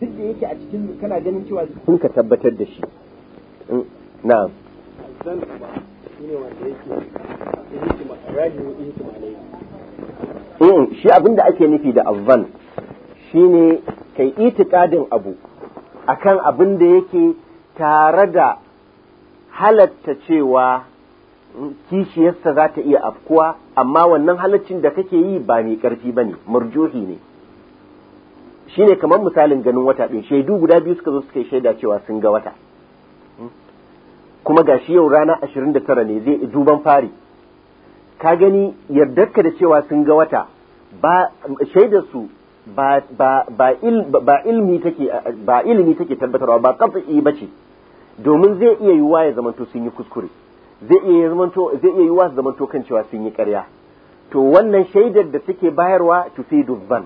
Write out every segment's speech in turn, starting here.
duk da yake a cikin kana ganin cewa sun ka tabbatar da shi mm, na'am ba shine wanda yake ne mm, shi abin da ake nufi da avvan shine kai itikadin abu akan abin da yake tare da halatta cewa mm, kishiyarsa za ta iya afkuwa amma wannan halaccin da kake yi ba mai ƙarfi ba ne murjuhi ne shi ne kamar misalin ganin wata ɗin shaidu guda biyu suka zo suka yi shaida cewa sun ga wata kuma ga shi yau rana ashirin da tara ne zai duban fari ka gani yardarka da cewa sun ga wata ba shaidarsu ba ilimi take ba tabbatarwa ba iya bace domin zai iya yiwuwa ya zamanto sun yi kuskure zai iya zamanto zai yiwuwa su zamanto kan cewa sun yi karya to wannan shaidar da take bayarwa to sai dubban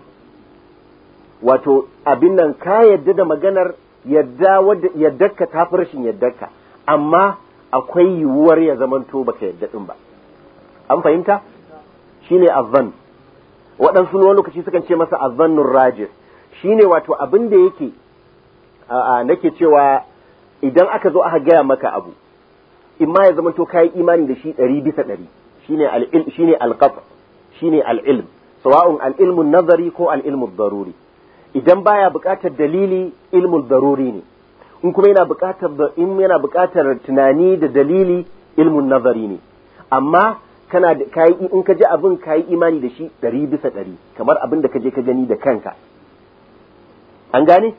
wato abin nan ka yadda da maganar yadda ka tafi rashin yaddarka amma akwai yiwuwar ya zamanto baka yadda din ba an fahimta shine azan waɗansu wani lokaci sukan ce masa azzannun shi shine wato abin da yake nake cewa idan aka zo aka gaya maka abu in ma ya zamanto yi imani da shi ɗari bisa ɗari shine al sawa'un al nazari ko al-ilmun daruri idan baya bukatar dalili ilmul daruri ne in kuma yana buƙatar in yana buƙatar tunani da dalili ilmun nazari ne amma kana kai in ka ji abin kai imani da shi ɗari bisa ɗari kamar abin da ka ka gani da kanka an gane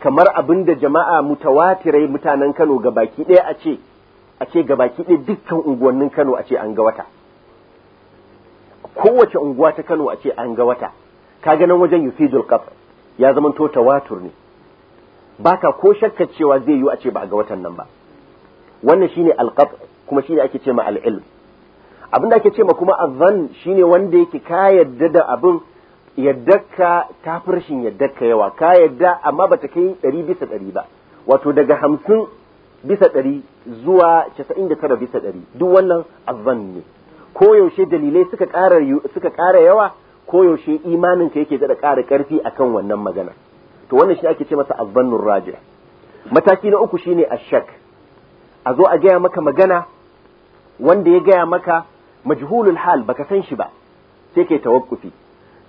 kamar abin da jama'a mutawatirai mutanen Kano gabaki ɗaya a ce a ce gabaki ɗaya dukkan unguwannin Kano a ce an ga wata kowace unguwa ta Kano a ce an ga wata ka ganin wajen yufidul qasr ya zamanto tawatur ne baka ko shakka cewa zai yi a ce ba ga watan nan ba wannan shine alƙab kuma shine ake ce ma al abinda ake ce ma kuma azan ne wanda yake ka yadda da abin ka ta yadda ka yawa ka yadda amma ba ta kai 100 bisa 100 ba wato daga hamsin bisa 100 zuwa tara bisa 100 duk wannan azan ne ko yaushe dalilai suka ƙara yawa koyaushe imaninka yake da ƙara ƙarfi akan wannan magana to wannan shi ake ce masa azzannur rajih mataki na uku shine ashak a zo a gaya maka magana wanda ya gaya maka majhulul hal baka san shi ba sai kai tawakkufi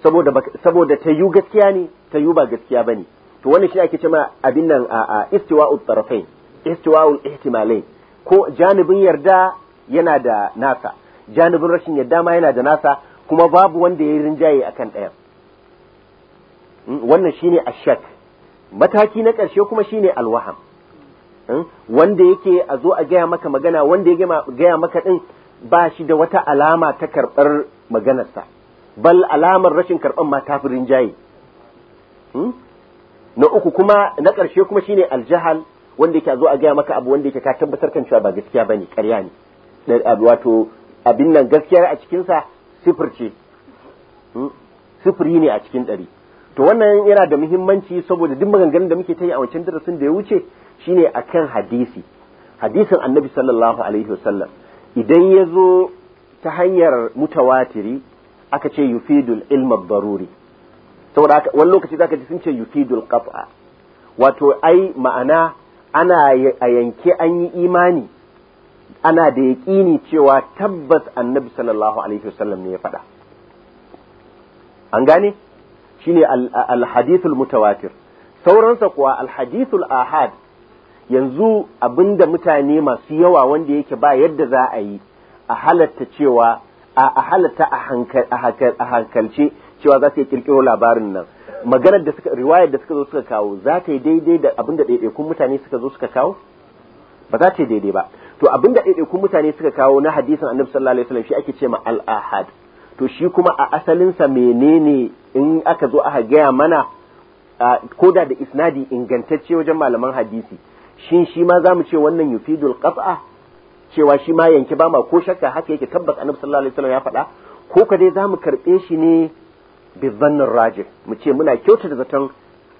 saboda saboda tayu gaskiya ne ta tayu ba gaskiya bane to wannan shi ake ma abin nan a istiwa'ut tarafain istiwa'ul ihtimalain ko janibin yarda yana da nasa janibin rashin yarda ma yana da nasa kuma babu wanda ya yi rinjaye akan ɗaya. Hmm, wannan shine ashak mataki na ƙarshe kuma shine alwaham hmm, wanda yake a zo a gaya maka magana wanda ya gaya maka ɗin ba shi da wata alama ta karɓar maganarsa bal alamar rashin karɓar ma ta fi rinjaye hmm, na uku kuma na ƙarshe kuma shine aljahal wanda yake a zo a gaya maka abu wanda yake ka tabbatar kan cewa ba gaskiya ba ne ƙarya ne wato abin nan gaskiya a cikinsa sifir ce hmm? sifiri ne a cikin ɗari to wannan yana da muhimmanci saboda duk maganganun da muke ta yi a wancan darasin da ya wuce shine akan hadisi hadisin annabi sallallahu alaihi wasallam idan ya zo ta hanyar mutawatiri aka ce yufidul ilma baruri saboda wani lokaci za zaka ji sun ce yufidul qat'a wato ai ma'ana ana a yanke an yi imani ana da yaƙini cewa tabbas annabi sallallahu alaihi wasallam ne ya faɗa an gane shine al-hadithul mutawatir sauransa kuwa al ahad yanzu abinda mutane masu yawa wanda yake ba yadda za a yi a halatta cewa a halatta a hankalce cewa za su yi kirkiro labarin nan maganar da suka riwayar da suka zo suka kawo za ta yi daidai da abinda daidai ɗaiɗaikun mutane suka zo suka kawo ba za ta yi daidai ba to abin da ɗaiɗaikun mutane suka kawo na hadisin annabi sallallahu alaihi wasallam shi ake ce ma al-ahad to shi kuma a asalinsa menene in aka zo aka gaya mana koda da isnadi ingantacce wajen malaman hadisi shin shi ma zamu ce wannan yufidul qaf'a cewa shi ma yanke ba ma ko shakka haka yake tabbas annabi sallallahu alaihi wasallam ya faɗa ko ka dai zamu karbe shi ne bi zannin rajih mu ce muna kyautata zaton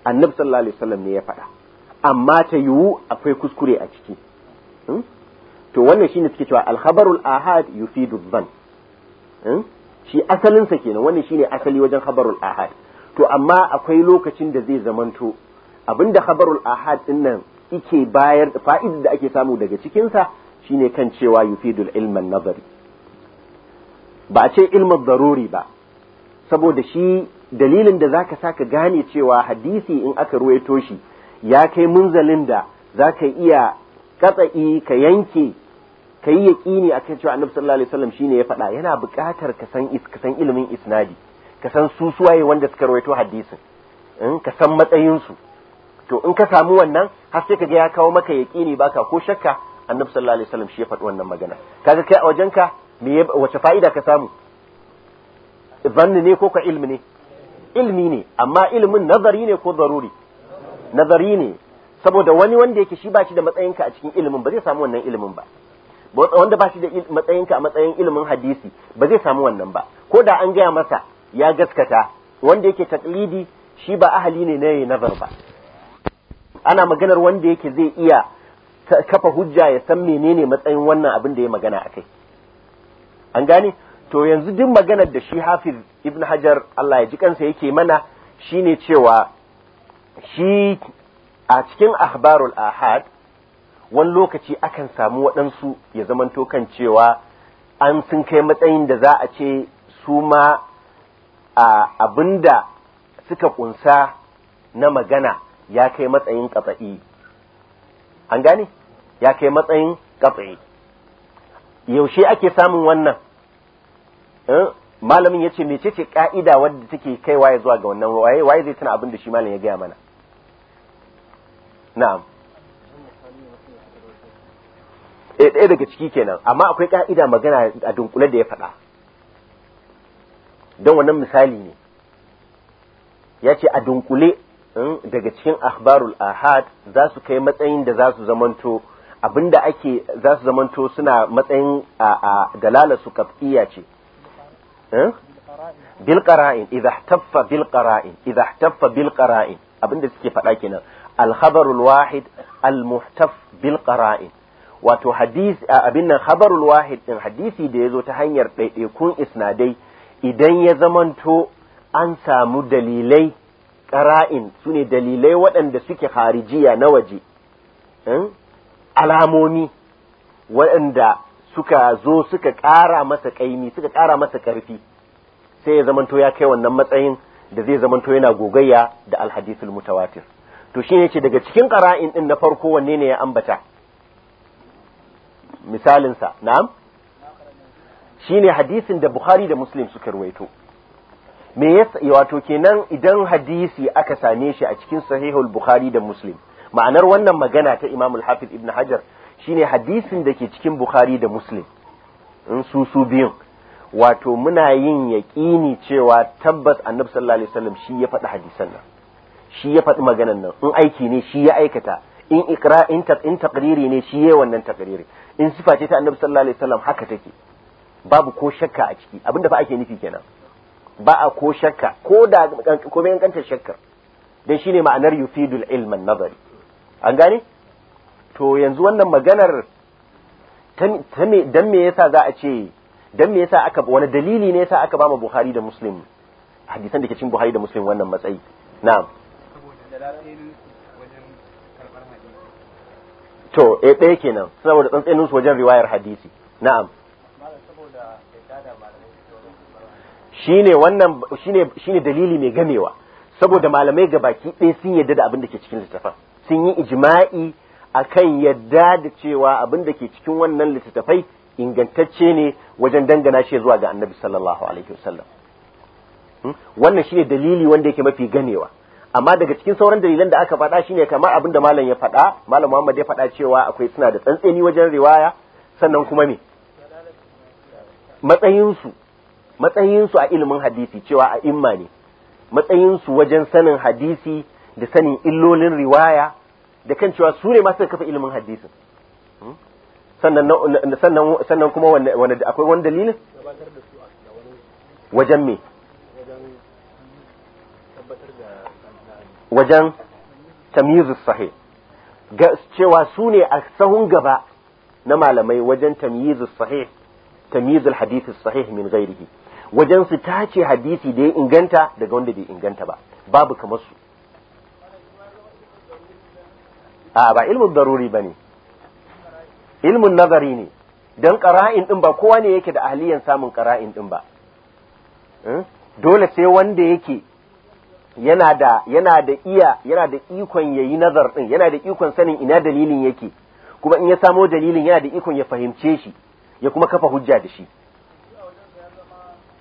annabi sallallahu alaihi wasallam ne ya faɗa amma ta yiwu akwai kuskure a ciki hmm? to wannan shine suke cewa al-khabarul ahad yufidu dhann hmm? shi asalin sa kenan wannan shine asali wajen khabarul ahad to amma akwai lokacin da zai zamanto abinda khabarul ahad din nan yake bayar fa'id da ake samu daga cikin sa shine kan cewa yufidul ilmin nazari ba a ce ilmin daruri ba saboda shi dalilin da zaka saka gane cewa hadisi in aka ruwaito shi ya kai munzalin da zaka iya katsa'i ka yanke ka yi yaƙini a kan cewa annabi sallallahu alaihi wasallam shine ya faɗa yana buƙatar ka san ka san ilimin isnadi ka san su suwaye wanda suka rawaito hadisin in ka san matsayin su to in ka samu wannan har sai kaga ya kawo maka yaƙini baka ko shakka annabi sallallahu alaihi wasallam shi ya faɗi wannan magana kaga kai a wajenka me wace fa'ida ka samu zanni ne ko ka ilmi ne ilmi ne amma ilmin nazari ne ko zaruri nazari ne saboda wani wanda yake shi ba shi da matsayinka a cikin ilimin ba zai samu wannan ilimin ba wanda ba shi da matsayinka a matsayin ilimin hadisi ba zai samu wannan ba ko da an gaya masa ya gaskata wanda yake taklidi shi ba ahali ne na nazar ba ana maganar wanda yake zai iya kafa hujja ya san menene matsayin wannan abin da ya magana akai. an gane to yanzu duk maganar da shi hafiz ibn hajar Allah ya ji kansa yake mana shine cewa shi a cikin ahbarul ahad wani lokaci akan samu waɗansu ya zamanto kan cewa an sun kai matsayin da za a ce su ma abin da suka kunsa na magana ya kai matsayin ƙafa'i an gane ya kai matsayin ƙafa'i yaushe ake samun wannan eh, malamin ya ce mecece ka'ida wadda take kai waye zuwa ga wannan waye waye zai tuna abin da shi malam ya gaya mana na'am eh ɗaya daga ciki kenan amma akwai ƙa'ida magana a dunkule da ya faɗa don wannan misali ne ya ce a dunkule hmm, daga cikin akhbarul ahad za su kai matsayin da za su zamanto abinda ake za su zamanto suna matsayin a dalala su kaf'iya ce hmm? bil qara'in idha ihtaffa bil qara'in idha bil qara'in abinda suke faɗa kenan al khabarul wahid al muhtaf bil wato hadisi a abin nan khabarul wahid din hadisi da ya zo ta hanyar ɗaiɗaikun isnadai idan ya zamanto an samu dalilai ƙara'in sune dalilai waɗanda suke harijiya na waje eh, alamomi waɗanda suka zo suka ƙara masa ƙaimi suka ƙara masa ƙarfi sai ya zamanto ya kai wannan matsayin da zai zamanto yana gogayya da alhadisul mutawatir to shine ce daga cikin ƙara'in ɗin na farko wanne ne ya ambata misalinsa na'am shine hadisin da Bukhari da Muslim suka ruwaito me yasa wato kenan idan hadisi aka same shi a cikin sahihul Bukhari da Muslim ma'anar wannan magana ta Imam al-Hafiz Ibn Hajar shine hadisin da ke cikin Bukhari da Muslim in su su biyun wato muna yin yaƙini cewa tabbas annabi sallallahu alaihi wasallam shi ya faɗi hadisan nan shi ya faɗi maganan nan in aiki ne shi ya aikata in ikra in taqriri ne shi yayi wannan taqriri in sifa ce ta annabi sallallahu alaihi wasallam haka take babu ko shakka a ciki abinda fa ake nufi kenan ba a ko shakka ko da ko mai kantar shakkar dan shine ma'anar yufidul an nazari an gane to yanzu wannan maganar ta me dan me yasa za a ce dan me yasa aka wani dalili ne yasa aka ba mu Buhari da Muslim hadisan da ke cikin Buhari da Muslim wannan matsayi na'am to eh ɗaya kenan saboda tsantsenin su wajen riwayar hadisi na'am shine wannan shine shine dalili mai gamewa saboda malamai gabaki ɗaya sun yadda da abin da ke cikin littafin sun yi a kan yadda da cewa abin da ke cikin wannan littattafai ingantacce ne wajen dangana shi zuwa ga annabi sallallahu alaihi wasallam hmm? wannan shine dalili wanda yake mafi ganewa amma daga cikin sauran dalilan da aka faɗa shine kamar abinda malam ya faɗa malam Muhammad ya faɗa cewa akwai suna da tsantseni wajen riwaya sannan kuma me matsayinsu matsayinsu a ilimin hadisi cewa a imma ne matsayinsu wajen sanin hadisi da sanin illolin riwaya da kan cewa su ne masu kafa ilimin hadisin hmm? sannan kuma wani akwai wani dalilin wajen me wajen sahi sahi, cewa su ne a sahun gaba na malamai wajen tamizu sahi tamyizul hadisi sahih min ghairihi wajen su tace hadisi da ya inganta daga wanda bai inganta ba babu kamar su a ba ilmin daruri ne. ilmin nazari ne don ƙara'in ɗin ba kowa ne yake da ahaliyan samun ƙara'in ɗin ba hmm? dole sai wanda yake yana da yana da iya yana da ikon yayi nazar din yana da ikon sanin ina dalilin yake kuma in ya samo dalilin yana da ikon ya fahimce shi ya kuma kafa hujja da shi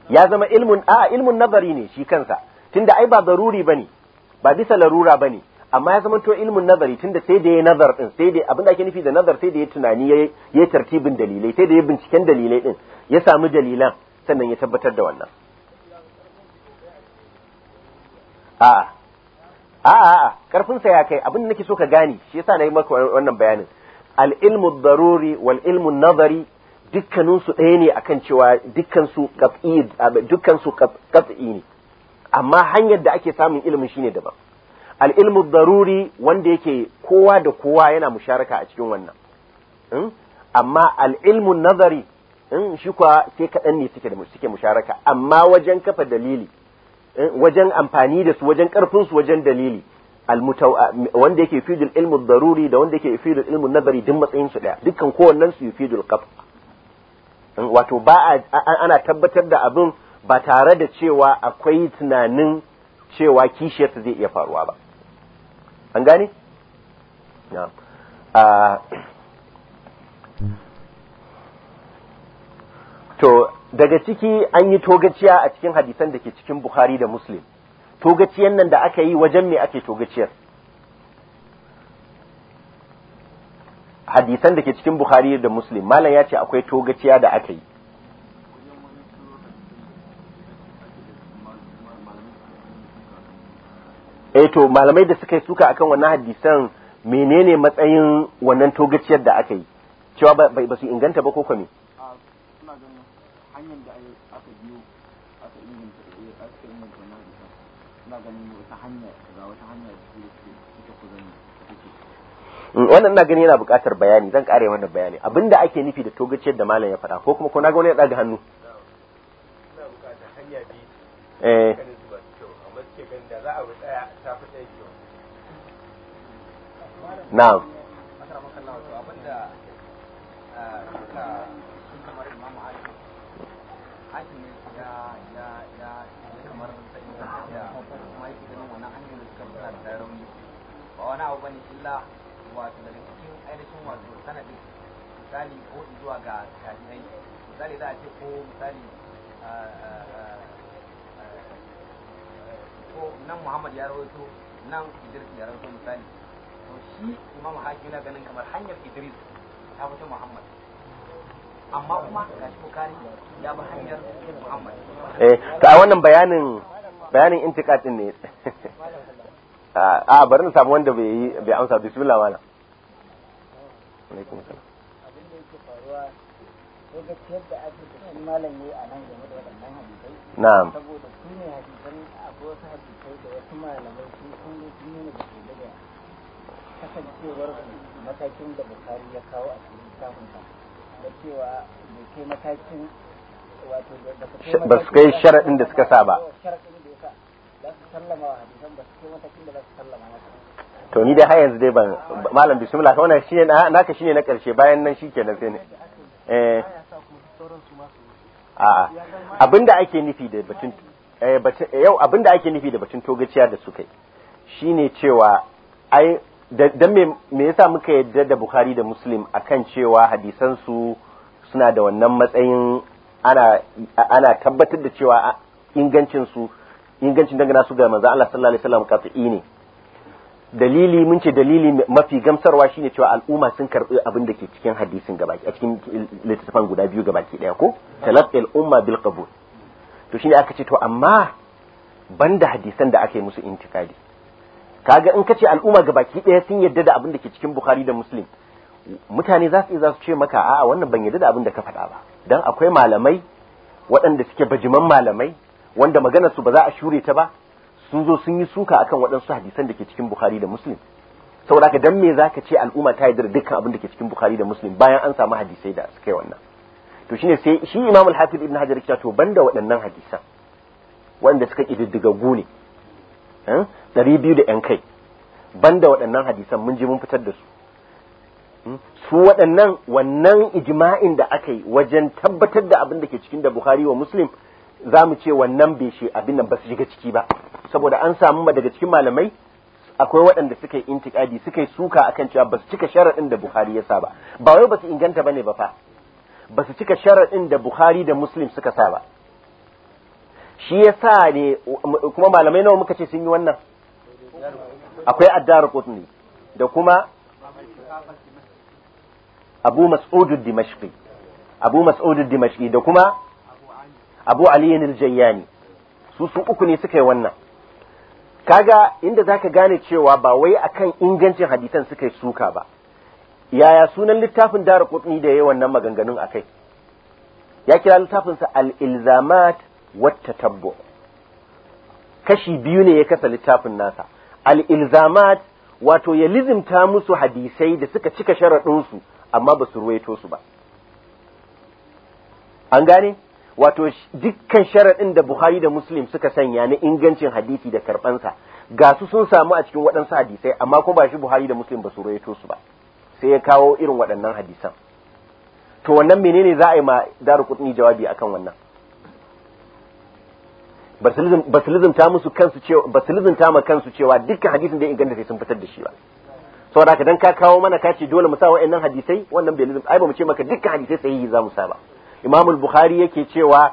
ya zama ilmun a ilmun nazari ne shi kansa tunda ai ba daruri bane ba bisa larura bane amma ya zama to ilmun nazari tunda sai da ya nazar din sai da abin da ake nufi da nazar sai da ya tunani ya tartibin dalilai sai da ya binciken dalilai din ya samu dalilan sannan ya tabbatar da wannan a'a a'a karfin sa ya kai abin da nake so ka gane shi yasa nayi maka wannan bayanin al ilmu daruri wal ilmu nazari dukkanin su ɗaya ne akan cewa dukkan su qat'i dukkan su qat'i ne amma hanyar da ake samun ilimin shine daban al ilmu daruri wanda yake kowa da kowa yana musharaka a cikin wannan hmm? amma al ilmu nazari hmm, shi kuwa sai kaɗan ne suke da suke musharaka amma wajen kafa dalili Eh, wajen amfani da su wajen karfin su wajen dalili wanda yake fidul ilmu daruri da wanda yake fidul ilmu nazari duk matsayin su daya dukkan kowannen su fidul qaf wato ba ana tabbatar da abin ba tare da cewa akwai tunanin cewa kishiyarsa zai iya faruwa ba an gane to daga ciki an yi togaciya a cikin hadisan da ke cikin bukhari da muslim togaciyan nan da aka yi wajen me ake togaciyar hadisan da ke cikin bukhari da muslim malam ya ce akwai togaciya da aka yi eh to malamai da suka yi suka akan wannan hadisan menene matsayin wannan togaciyar da aka yi cewa ba su inganta ba ko kwame? hanyar da aka biyo aka inganta eh, aka inganta na isa ina ganin wata hanya ga wata hanya da take ita ku gani wannan na gani yana buƙatar bayani zan ƙare wannan bayani abinda ake nufi da togaciyar da malam ya faɗa ko kuma ko na ga ya ɗaga hannu eh na'am bane illa wato daga cikin ainihin wato sanadin misali ko zuwa ga tabi'ai misali za a ce ko misali ko nan Muhammad ya rawaito nan Idris ya rawaito misali to shi Imam Hakim na ganin kamar hanyar Idris ta fito Muhammad amma kuma ga shi Bukhari ya bi hanyar Muhammad eh ta wannan bayanin bayanin intikatin ne a ah, ah, bari na samu wanda bai amsa bismillah mana yake faruwa a nan da na'am saboda su ne yi sun nuna da ke daga a cikin sa da cewa bai kai matakin wato da ba su kai sharaɗin da suka sa ba to ni dai har yanzu dai ban malam bismillah wannan ne naka ne na karshe bayan nan shikenan sai ne eh a'a abinda ake nufi da batun eh, yau abinda ake nufi da batun togaciya da suka yi shine cewa ai dan me me yasa muka yadda da Bukhari da Muslim akan cewa hadisan su suna da wannan matsayin ana ana tabbatar da cewa ingancin su ingancin dangana su ga manzo Allah sallallahu alaihi wasallam qat'i ne dalili mun ce dalili mafi gamsarwa shine cewa al'umma sun karbi abin da ke cikin hadisin gabaki a cikin littafan guda biyu gabaki daya ko talaqqil umma bil qabul to shine aka ce to amma banda hadisan da aka yi musu intikadi kaga in kace al'umma gabaki daya sun yadda da abin da ke cikin bukhari da muslim mutane za su za su ce maka a'a wannan ban yadda da abin da ka faɗa ba dan akwai malamai waɗanda suke bajiman malamai wanda maganar su ba za a shure ta ba sun zo sun yi suka akan waɗansu hadisan da ke cikin Bukhari da Muslim saboda ka dan me zaka ce al'umma ta yarda dukkan abin da ke cikin Bukhari da Muslim bayan an samu hadisai da suka yi wannan to shine sai shi Imam al-Hafiz Ibn Hajar ya to banda waɗannan hadisan waɗanda suka kididdiga gune eh, ɗari biyu da ‘yan kai banda waɗannan hadisan mun je mun fitar da su hmm? su waɗannan wannan ijma'in da aka yi wajen tabbatar da abin da ke cikin da Bukhari wa Muslim za mu ce wannan bai shi abin nan ba su shiga ciki ba saboda an samu ma daga cikin malamai akwai waɗanda suka yi intikadi suka yi suka akan cewa ba su cika sharaɗin da Bukhari ya sa ba ba wai ba su inganta ba ne ba fa ba su cika sharaɗin da Bukhari da Muslim suka sa ba shi ya sa ne kuma malamai nawa muka ce sun yi wannan akwai addar qutni da kuma abu mas'ud dimashqi abu mas'ud dimashqi da kuma abu aliyin aljayyani su su uku ne suka yi wannan kaga inda zaka gane cewa ba wai akan ingancin hadisan suka yi suka ba yaya sunan littafin dara kutni da yayi wannan maganganun akai ya kira littafin littafinsa al-ilzamat wat tatabbu kashi biyu ne ya kasa littafin nasa al-ilzamat wato ya lizimta musu hadisai da suka cika su amma ba su ruwaito su ba an gane wato dukkan sharaɗin da Buhari da Muslim suka sanya na ingancin hadisi da karɓansa ga su sun samu a cikin waɗansu hadisai amma ko ba shi Buhari da Muslim ba su rawaito su ba sai ya kawo irin waɗannan hadisan to wannan menene za a yi ma daru kutni jawabi akan wannan basilizm ta musu kansu cewa basilizm ta ma kansu cewa dukkan hadisin da inganta sai sun fitar da shi ba saboda ka dan ka kawo mana kace dole mu sa wa'annan hadisai wannan bai ai ba mu ce maka dukkan hadisai sahihi za mu sa ba imamul bukhari yake cewa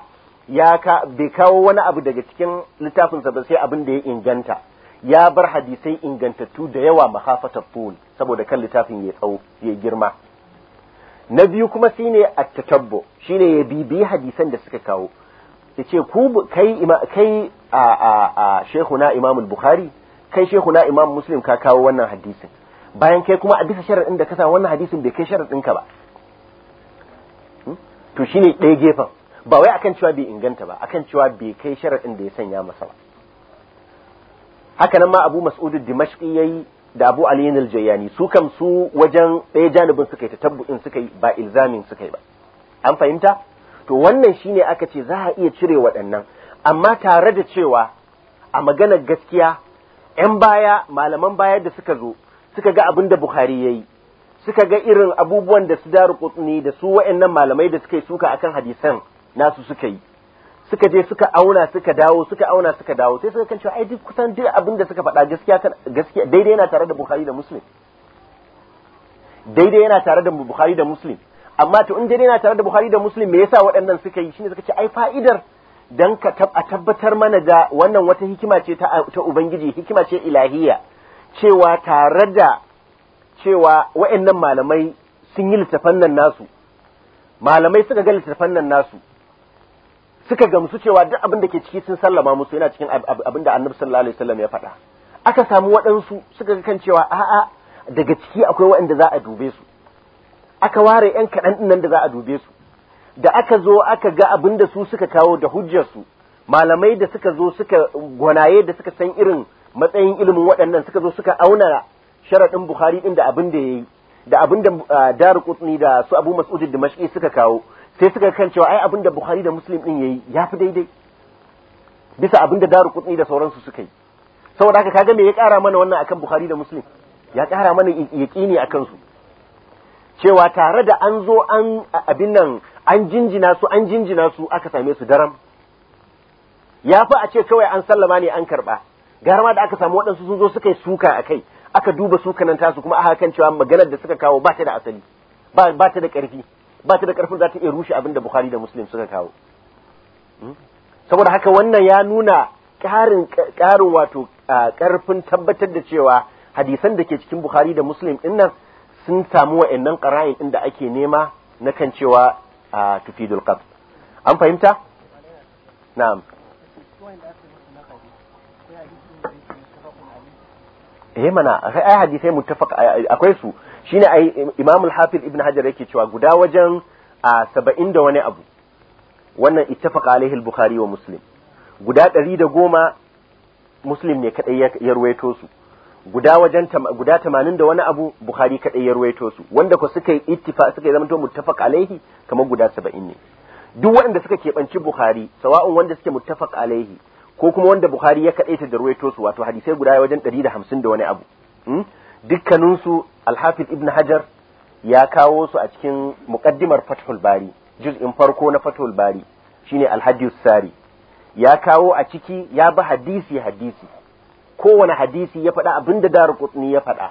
ya ka bai kawo wani abu daga cikin littafinsa ba sai abin da ya inganta ya bar hadisai ingantattu da yawa mahafatar ful saboda kan littafin ya tsawo ya girma na biyu kuma shine at-tatabbu shine ya bibiyi hadisan da suka kawo yace ku kai kai a a a shehuna imamul bukhari kai shehuna imam muslim ka kawo wannan hadisin bayan kai kuma a bisa sharadin da ka sa wannan hadisin bai kai sharadin ka ba to shi ne ɗaya gefen ba wai akan cewa bai inganta ba akan cewa bai kai sharaɗin da ya sanya masa ba haka nan ma abu mas'udu ya yayi da abu aliyin jayani su kam su wajen ɗaya janibin suka yi ta tabbu'in suka yi ba ilzamin suka yi ba an fahimta to wannan shi ne aka ce za a iya cire waɗannan amma tare da cewa a maganar gaskiya 'yan baya malaman baya da suka zo suka ga abin da buhari ya yi suka ga irin abubuwan da su daru kutni da su wa'annan malamai da suka yi suka akan hadisan nasu suka yi suka je suka auna suka dawo suka auna suka dawo sai suka kan cewa ai duk kusan duk abin da suka faɗa gaskiya gaskiya daidai yana tare da Bukhari da Muslim daidai yana tare da Bukhari da Muslim amma to in daidai yana tare da Bukhari da Muslim me yasa waɗannan suka yi shine suka ce ai fa'idar dan ka tabbatar mana da wannan wata hikima ce ta Ubangiji hikima ce ilahiya cewa tare da cewa wa'annan malamai sun yi littafan nan nasu malamai suka ga littafan nan nasu suka gamsu cewa duk abin da ke ciki sun sallama musu yana cikin abin da annabi sallallahu alaihi wasallam ya faɗa aka samu waɗansu suka ga kan cewa a'a daga ciki akwai waɗanda za a dube su aka ware yan kaɗan nan da za a dube su da aka zo aka ga abin da su suka kawo da hujjarsu malamai da suka zo suka gwanaye da suka san irin matsayin ilimin waɗannan suka zo suka auna sharaɗin bukhari ɗin da abin da ya yi da abin da ah, daru kutni da su abu mas'ud da Mashi suka kawo sai suka kan cewa ai abin da bukhari da muslim ɗin ya yi ya fi daidai bisa abin da daru kutni da sauransu suka yi saboda haka kaga me ya ƙara mana wannan akan bukhari da muslim ya kara mana yaƙini akan su cewa tare da an zo an abin nan an jinjina su an jinjina su aka same su daram ya fi a ce kawai an sallama ne an karɓa gara ma da aka samu waɗansu sun zo suka yi suka a kai aka duba su kananta su kuma aka kan cewa maganar da suka kawo ba ta da asali ba ta da karfi ba ta da karfin za ta iya rushe abin da Bukhari da Muslim suka kawo hmm? saboda haka wannan ya nuna ƙarin karin wato ƙarfin tabbatar da cewa hadisan da ke cikin Bukhari da Muslim din nan sun samu wa'annan qara'in inda ake nema na kan cewa tufidul qab an fahimta na'am he eh, mana ayi hadisi muttafaq akwai su shine ai Imam al-Hafiz Ibn Hajar yake cewa guda wajen a 70 da wani abu wannan ittafaqa alaihi al-Bukhari wa Muslim guda 110 Muslim ne kadai ya ruwaito su guda wajen guda 80 da wani abu Bukhari kadai ya ruwaito su wanda ko suka yi ittifaq suka zama to muttafaq alaihi kamar guda 70 ne duk waɗanda suka keɓanci Bukhari sawa'un wanda suke muttafaq alaihi ko kuma wanda Bukhari ya ta da ruwaito su wato hadisai guda wajen 150 da hamsin da wani abu hmm? dukkanin su Ibn Hajar ya kawo su a cikin muqaddimar Fathul Bari juz'in farko na Fathul Bari shine Al-Hadith Sari ya kawo a ciki ya ba hadisi hadisi kowane hadisi ya faɗa abinda Darqutni ya faɗa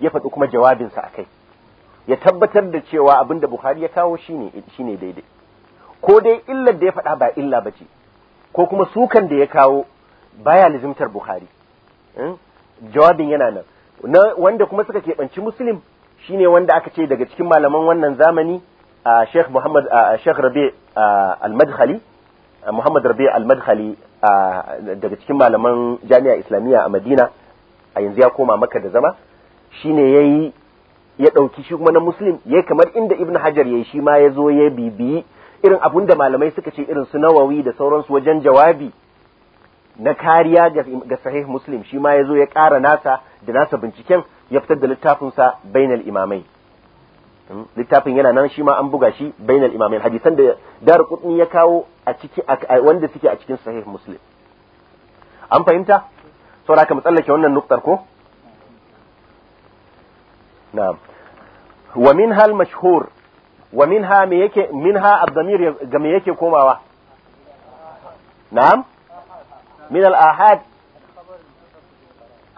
ya faɗi kuma jawabinsa kai ya tabbatar da cewa abinda Bukhari ya kawo shine shine daidai ko dai illar da ya faɗa ba illa bace ko kuma sukan da ya kawo baya lizimtar bukhari hmm? jawabin yana nan wanda kuma suka keɓanci muslim shine wanda aka ce daga cikin malaman wannan zamani a sheikh muhammad a sheikh rabi al-madkhali muhammad rabi al-madkhali daga cikin malaman jami'a islamiyya a madina a yanzu ya koma maka da zama shine yayi ya ɗauki shi kuma na muslim yayi kamar inda ibn hajar ya shi ma ya zo ya bibiyi irin abun da malamai suka ce irin su nawawi da sauransu wajen jawabi na kariya ga sahih muslim shi ma ya zo ya ƙara nasa da nasa binciken ya fitar da littafinsa bainal imamai hmm? littafin yana nan shi ma an buga shi bainal imamai hadisan da dar ya kawo a ciki wanda suke a cikin sahih muslim an fahimta saboda ka tsallake wannan nuktar ko na'am wa min hal mashhur wa minha me yake minha ad-damir ga me yake komawa na'am min al-ahad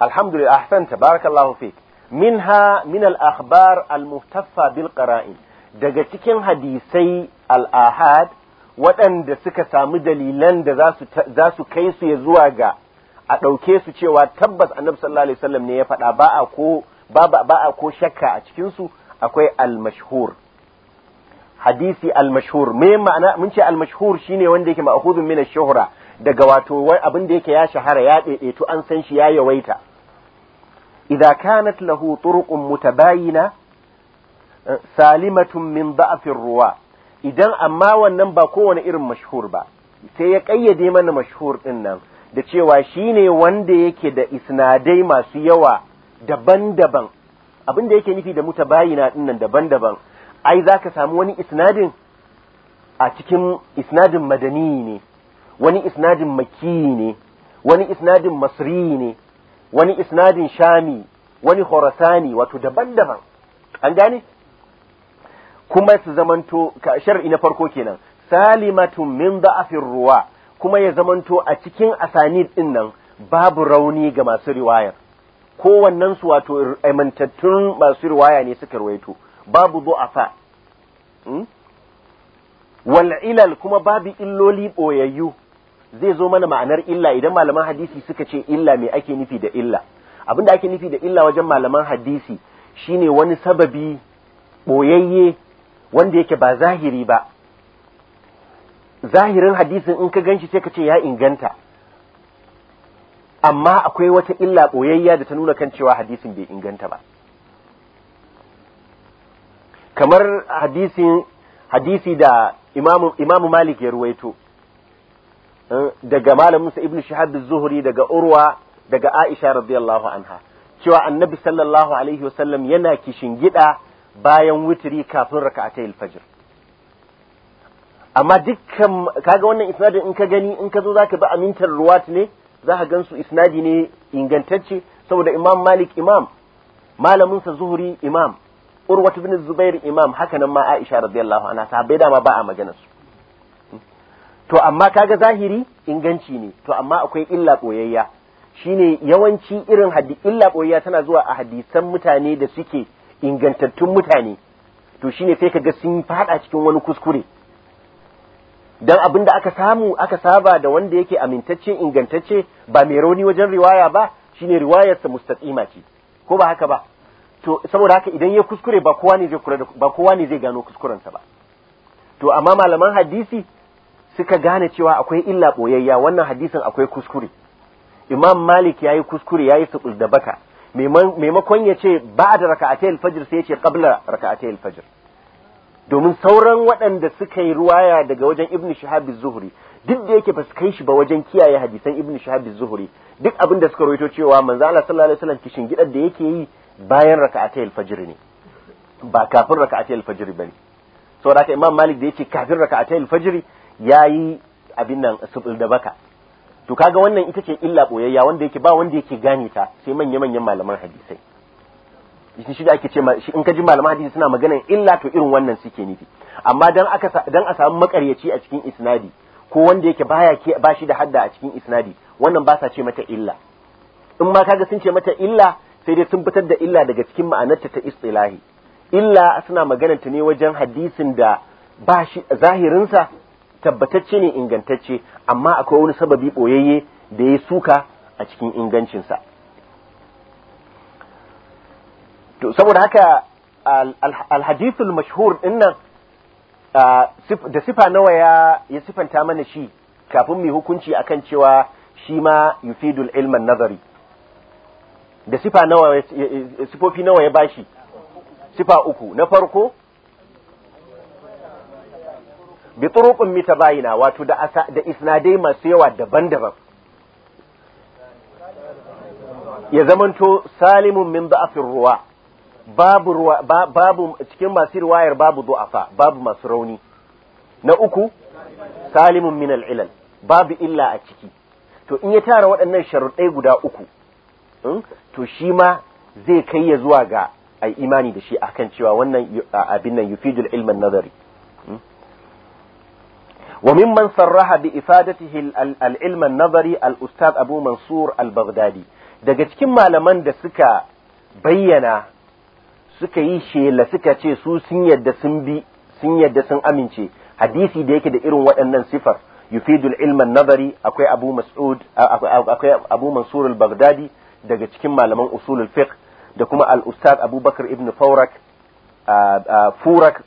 alhamdulillah ahsanta barakallahu fik minha min al-akhbar al-muhtaffa bil qara'in daga cikin hadisai al-ahad waɗanda suka samu dalilan da za su kai su ya zuwa ga a ɗauke su cewa tabbas annabi sallallahu alaihi wasallam ne ya faɗa ba a ko ba a ko shakka a cikin su akwai al-mashhur hadisi al-mashhur me ma'ana mun ce al-mashhur shine wanda yake ma'khudun min ash-shuhra daga wato abin da yake ya shahara ya daidaitu an san shi ya yawaita idza kanat lahu turuqun mutabayina eh, salimatun min da'fir ruwa idan amma wannan ba kowane irin mashhur ba sai ya kayyade mana mashhur din nan da cewa shine wanda yake da isnadai masu yawa daban-daban abin da yake nufi da mutabayina din nan daban-daban ai za ka samu wani isnadin a cikin isnadin madani ne wani isnadin maki ne wani isnadin masri ne wani isnadin shami wani horasani wato daban-daban an gane kuma su zamanto ka shar'i na farko kenan salimatun min da'afir ruwa kuma ya zamanto a cikin asanid din nan babu rauni ga masu riwayar kowannen su wato aimantattun masu riwaya ne suka rawaito babu du'afa hmm? wal ilal kuma babu illoli ɓoyayyu zai zo mana ma'anar illa idan malaman hadisi suka ce illa me ake nufi da illa abinda ake nufi da illa wajen malaman hadisi shine wani sababi ɓoyayye wanda yake ba zahiri ba zahirin hadisin in ka ganshi sai ka ce ya inganta amma akwai wata illa ɓoyayya da ta nuna kan cewa hadisin bai inganta ba kamar hadisin hadisi da imamu malik ya ruwaito eh, daga malaminsa ibn shahab zuhri daga urwa daga aisha radiyallahu anha cewa annabi sallallahu alaihi wasallam yana gida bayan wutiri kafin raka'atayil fajr amma dukkan kaga wannan isnadin in ka gani in ka zo zaka bi amintar ruwat ne zaka gansu isnadi ne ingantacce saboda imam malik imam malaminsa zuhri imam Urwa bin zubair imam haka nan ma aisha radiyallahu anha bai dama ba a maganar su to amma kaga zahiri inganci ne to amma akwai illa koyayya. shine yawanci irin haddi illa koyayya tana zuwa a hadisan mutane da suke ingantattun mutane to shine sai kaga sun fada cikin wani kuskure dan abinda aka samu aka saba da wanda yake amintacce ingantacce ba mai rauni wajen riwaya ba shine riwayarsa mustaqima ce ko ba haka ba to saboda haka idan ya kuskure ba kowa ne zai kula da ba kowa ne zai gano kuskurensa ba to amma malaman hadisi suka gane cewa akwai illa boyayya wannan hadisin akwai kuskure imam malik yayi kuskure yayi suqul da baka maimakon ya ce ba da raka'atai alfajir sai ya ce qabla raka'atai alfajir domin sauran waɗanda suka yi ruwaya daga wajen ibn shahab zuhri duk da yake ba su kai shi ba wajen kiyaye hadisan ibn shahab zuhri duk abin da suka rawaito cewa manzo Allah sallallahu alaihi wasallam kishin gidar da yake yi bayan raka'atayil fajr ne ba kafin raka'atayil fajr bane saboda haka imam malik da yace kafin raka'atayil fajr yayi abin nan subul da baka to kaga wannan ita ce illa boyayya wanda yake ba wanda yake gane ta sai manya manyan malaman hadisai shi da ake ce shi in ka ji malaman hadisi suna maganar illa to irin wannan suke nufi amma dan aka dan a samu makaryaci a cikin isnadi ko wanda yake baya ke ba shi da hadda a cikin isnadi wannan ba sa ce mata illa in ma kaga sun ce mata illa sai dai sun fitar da illa daga cikin ma'anarta ta istilahi illa suna maganarta ta ne wajen hadisin da ba shi zahirinsa tabbatacce ne ingantacce amma akwai wani sababi boyayye da ya suka a cikin ingancinsa to saboda haka alhadithul mashhur dinnan da sifa nawa ya ya sifanta mana shi kafin mai hukunci akan cewa shi ma yufidul ilman nazari da sifa nawa sifofi nawa ya bashi sifa uku na farko bi turuqin mitabayina wato da da isnadai masu yawa daban-daban ya zamanto salimun min da'afir ruwa babu babu cikin masu riwayar babu du'afa babu masu rauni na uku salimun min al'ilal babu illa a ciki to in ya tara waɗannan sharuɗai guda uku to shi ma zai kai ya zuwa ga a imani da shi akan cewa wannan abin nan yufidul ilmin nazari hmm? wa al ilmin nazari al ustad abu mansur al baghdadi daga cikin malaman da suka bayyana suka yi shela suka ce su sun yadda sun bi sun yadda sun amince hadisi da yake da irin waɗannan sifar yufidul ilman nazari akwai abu mas'ud akwai abu mansur al-baghdadi daga cikin malaman usulul fiqh da kuma al-ustad abubakar ibn faurak furak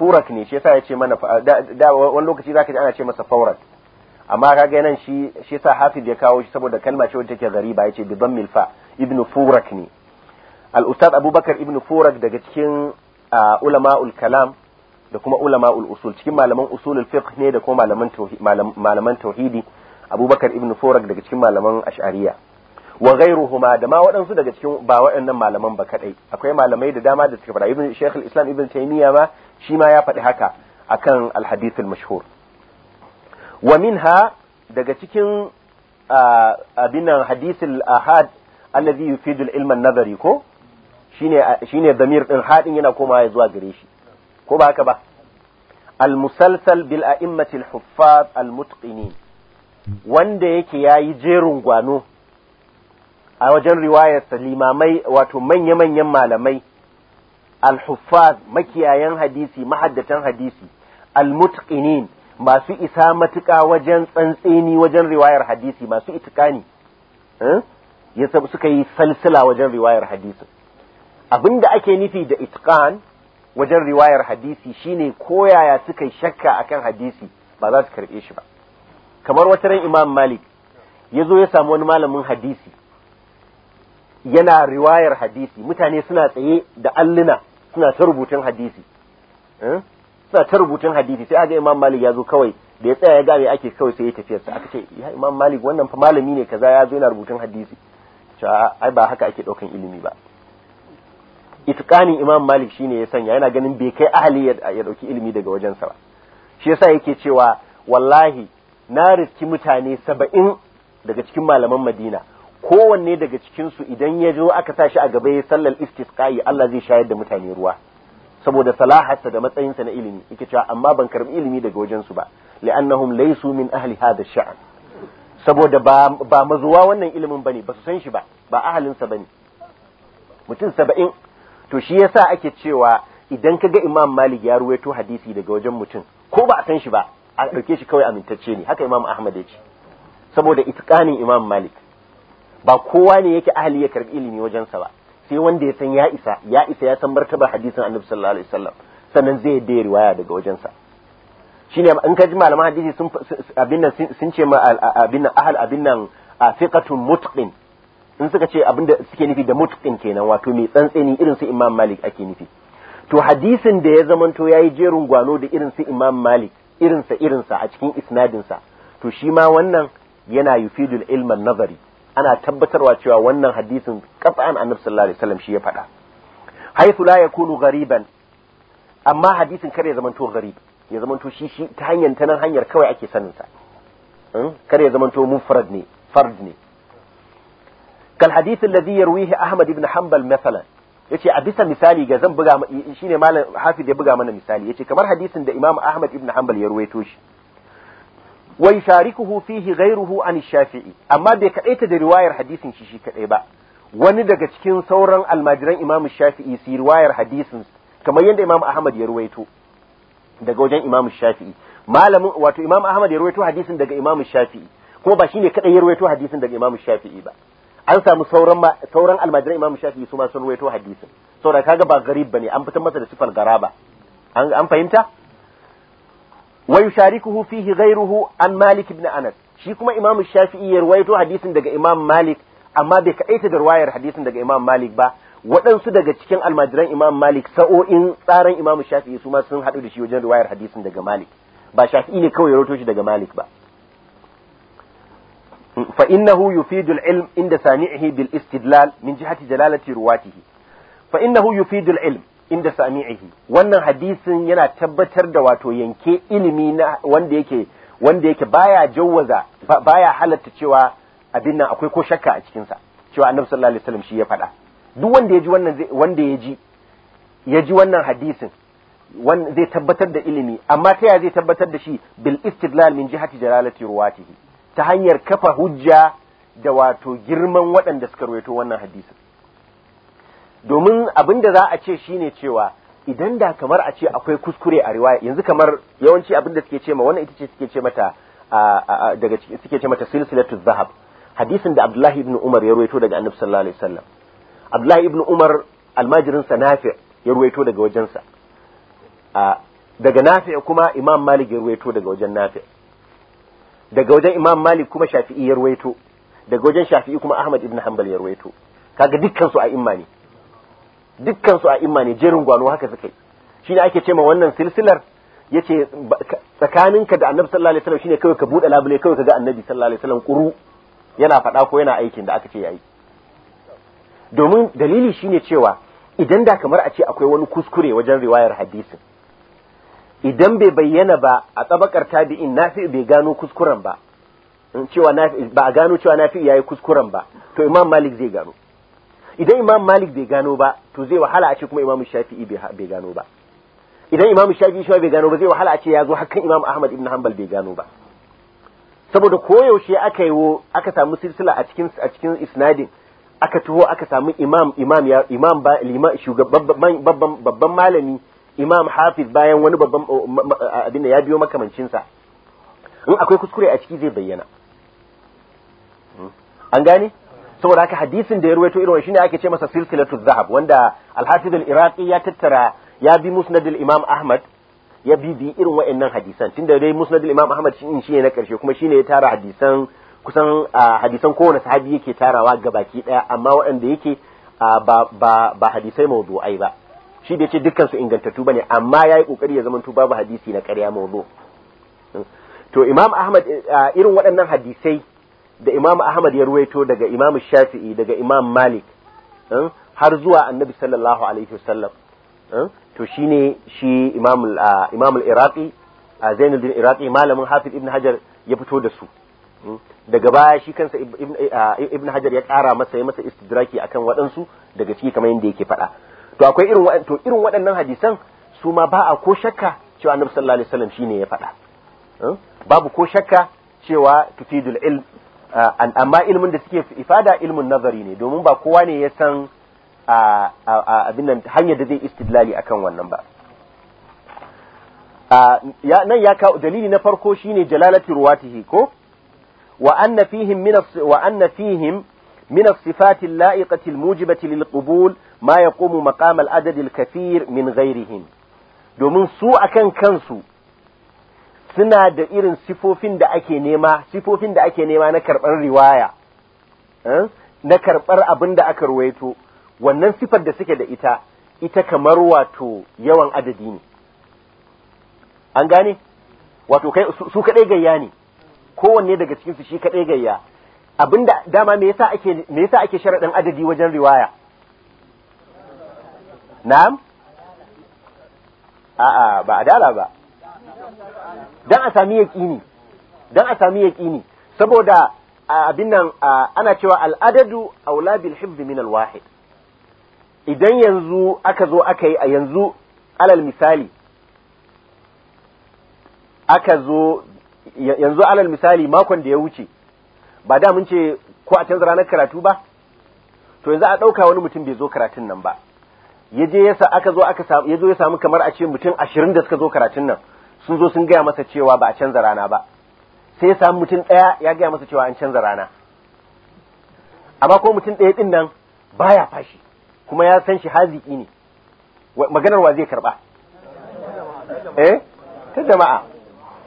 furak ne shi yasa ya mana da wani lokaci zaka ji ana ce masa faurak amma kaga nan shi shi yasa hafiz ya kawo shi saboda kalma ce wacce take gariba yace bi dhammil fa ibn furak ne al-ustad abubakar ibn furak daga cikin ulama'ul kalam da kuma ulama'ul usul cikin malaman usulul fiqh ne da kuma malaman tauhidi abubakar ibn forak daga cikin malaman ash'ariya wa ghairuhuma da ma waɗansu daga cikin ba waɗannan malaman ba kadai akwai malamai da dama da suka fara ibn shaykh al-islam ibn taymiya ma shi ma ya faɗi haka akan al-hadith al-mashhur wa minha daga cikin abinan hadith al-ahad alladhi yufidu al-ilm an-nazari ko shine shine damir din hadin yana komawa zuwa gare shi ko ba haka ba al-musalsal bil a'immatil huffaz al-mutqinin wanda yake ya yi jerin gwano a wajen riwayar limamai wato manya-manyan malamai al-huffaz makiyayan hadisi mahaddatan hadisi al masu isa matuƙa wajen tsantseni wajen riwayar hadisi masu itikani eh, ya suka yi salsila wajen riwayar hadisi abinda ake nufi da itikan wajen riwayar hadisi shine koyaya suka yi shakka akan hadisi ba za su karbe shi ba kamar wata ran imam malik yazo ya samu wani malamin hadisi yana riwayar hadisi mutane suna tsaye da alluna suna ta rubutun hadisi eh, suna ta rubutun hadisi sai aga imam malik ya zo kawai da ya tsaya ya gane ake kawai sai ya tafi sai aka ce ya imam malik wannan fa malami ne kaza ya zo yana rubutun hadisi cewa ai ba haka ake daukan ilimi ba itqani imam malik shine ya sanya yana ganin bai kai ahli ya dauki ilimi daga wajensa ba shi yasa yake cewa wallahi na riski mutane saba'in daga cikin malaman madina kowanne daga cikinsu idan ya zo aka sa shi a gaba ya sallar iskiskayi Allah zai shayar da mutane ruwa saboda salaharsa da matsayinsa na ilimi ike cewa amma ban karɓi ilimi daga wajensu ba li'annahum laysu min ahli hadha sha'an saboda ba mazuwa wannan ilimin bane ba su san shi ba ba ahalin sa bane mutum 70 to shi yasa ake cewa idan ka ga Imam Malik ya ruwaito hadisi daga wajen mutum ko ba a san shi ba a ɗauke shi kawai amintacce ne haka imam ahmad ya ce saboda itikanin imam malik ba kowa ne yake ahli ya karbi ilimi wajensa ba sai wanda ya san ya isa ya isa ya san martaba hadisin annabi sallallahu alaihi wasallam sannan zai dai riwaya daga wajensa shine in ka ji malaman hadisi sun abin nan sun ce ma abin nan ahal abin nan fiqatun mutqin in suka ce abin da suke nufi da mutqin kenan wato mai tsantseni irin su imam malik ake nufi to hadisin da ya zamanto yayi jerin gwano da irin su imam malik irinsa irinsa a cikin isnadinsa to shi ma wannan yana yufidul ilman nazari ana tabbatarwa cewa wannan hadisin qat'an annabi sallallahu alaihi wasallam shi ya faɗa haythu la yakunu ghariban amma hadisin kare zamanto gharib ya zamanto shi shi ta hanyar ta nan hanyar kawai ake sanin sa hmm? kare ya zamanto mufrad ne fard ne kal hadith alladhi yarwihi ahmad ibn hanbal mathalan yace a bisa misali ga zan buga shine malam hafiz ya buga mana misali yace kamar hadisin da imam ahmad ibn hanbal ya ruwaito shi wa yusharikuhu fihi ghayruhu an shafi'i amma bai ta da riwayar hadisin shi shi kadai ba wani daga cikin sauran almajiran imam shafi'i su riwayar hadisin kamar yadda imam ahmad ya ruwaito daga wajen imam shafi'i malamin wato imam ahmad ya ruwaito hadisin daga imam shafi'i kuma ba shine kadai ya ruwaito hadisin daga imam shafi'i ba an samu sauran sauran almajiran Imam shafi su ma sun ruwaito hadisin saboda kaga ba garib bane an fitar masa da sifar garaba an fahimta wa yusharikuhu fihi ghayruhu an Malik ibn Anas shi kuma Imam Shafi'i ya ruwaito hadisin daga Imam Malik amma bai kaita da ruwayar hadisin daga Imam Malik ba waɗansu daga cikin almajiran Imam Malik sa'o'in tsaran Imam Shafi'i su ma sun haɗu da shi wajen ruwayar hadisin daga Malik ba shafi ne kawai ya ruwaito shi daga Malik ba fa innahu yufidu al-ilm inda sami'ihi bil istidlal min jihati jalalati ruwatihi fa innahu yufidu inda wannan hadisin yana tabbatar da wato yanke ilimi na wanda yake wanda yake baya jawaza baya halatta cewa abin nan akwai ko shakka a cikin sa cewa annabi sallallahu alaihi wasallam shi ya faɗa duk wanda ya ji wannan wanda ya ji ya ji wannan hadisin zai tabbatar da ilimi amma ta ya zai tabbatar da shi bil istidlal min jihati jalalati ruwatihi ta hanyar kafa hujja da wato girman waɗanda suka ruwaito wannan hadisin domin abin da za a ce shine cewa idan da kamar a ce akwai kuskure a riwaya yanzu kamar yawanci abin da suke ce ma wannan ita ce suke ce mata daga suke ce mata silsilatu zahab hadisin da Abdullahi ibn Umar ya ruwaito daga Annabi sallallahu alaihi wasallam Abdullahi ibn Umar almajirin sa Nafi ya ruwaito daga wajensa daga Nafi kuma Imam Malik ya ruwaito daga wajen Nafi' daga wajen imam malik kuma shafi'i ya ruwaito daga wajen shafi'i kuma ahmad ibn hanbal ya ruwaito kaga dukkan su a imani ne dukkan su a imma jerin gwano haka suka yi shine ake cewa wannan silsilar yace ka da annabi sallallahu alaihi wasallam shine kawai ka bude labule kawai ga annabi sallallahu alaihi wasallam kuru yana faɗa ko yana aikin da aka ce yayi domin dalili shine cewa idan da kamar a ce akwai wani kuskure wajen riwayar hadisin idan bai bayyana ba a tsabakar tabi'in nafi bai gano kuskuren ba cewa ba a gano cewa nafi yayi kuskuren ba to imam malik zai gano idan imam malik bai gano ba to zai wahala a ce kuma imam shafi'i bai gano ba idan imam shafi'i shi bai gano ba zai wahala a ce ya zo hakan imam ahmad ibn hanbal bai gano ba saboda koyaushe aka yi aka samu silsila a cikin a cikin isnadin aka tuho aka samu imam imam ya imam ba liman babban babban malami imam hafiz bayan wani babban uh, uh, abin da ya biyo makamancinsa in akwai kuskure a ciki zai bayyana hmm? an gane saboda haka hadisin da ya ruwaito irin shine ake ce masa silsilatu zahab wanda al-hafiz al-iraqi ya tattara ya bi musnad al-imam ahmad ya bi bi irin wa'annan hadisan tunda dai musnad al-imam ahmad shi shine na karshe kuma shine ya tara hadisan kusan uh, hadisan kowane sahabi yake tarawa gabaki daya amma waɗanda yake ba ba hadisai mawdu'ai ba shi da ce dukkan su ingantattu bane amma yayi kokari ya zamanto babu hadisi na ƙarya mawdu to imam ahmad irin waɗannan hadisai da imam ahmad ya ruwaito daga imam shafi'i daga imam malik eh, har zuwa annabi sallallahu alaihi wasallam eh, to shine shi imam imam al-iraqi zainuddin iraqi malamin hafiz ibn hajar ya fito da su eh. daga baya shi kansa ibn hajar ya kara masa ya masa istidraki akan waɗansu daga ciki kamar yadda yake faɗa to akwai irin to irin waɗannan hadisan su ma ba a ko shakka cewa annabi sallallahu alaihi wasallam shine ya faɗa babu ko shakka cewa tufidul ilm amma ilmin da suke ifada ilmin nazari ne domin ba kowa ne ya san abin nan hanyar da zai istidlali akan wannan ba nan ya kawo dalili na farko shine jalalati ruwatihi ko wa anna fihim min wa anna fihim min as-sifati al-la'iqati al-mujibati lil-qubul ma ya komu makamal adadil kafir min gairihim domin su akan kansu suna da irin sifofin da ake nema sifofin da ake nema na karɓar riwaya eh, na karɓar abin da aka ruwaito wannan sifar da suke da ita ita kamar wato yawan adadi ne an gane wato kai su kaɗai gayya ne kowanne daga cikinsu shi kaɗai gayya abinda dama me yasa ake me yasa ake sharaɗin adadi wajen riwaya na'am a'a ba adala ba dan a sami yaqini dan a sami yaƙini saboda abin nan ana cewa al'adadu aula bil hifz min al wahid idan yanzu aka zo aka yi a yanzu alal misali aka zo yanzu alal misali makon da ya wuce ba da mun ce ko a canza ranar karatu ba to yanzu a ɗauka wani mutum bai zo karatun nan ba ya je yasa aka zo aka samu ya sami ya samu kamar a ce mutum ashirin da suka zo karatun nan sun zo sun gaya masa cewa ba a canza rana ba sai ya samu mutum ɗaya ya gaya masa cewa an canza rana amma ko mutum ɗaya din nan baya fashi kuma ya san shi haziki ne maganar wa zai karɓa eh ta jama'a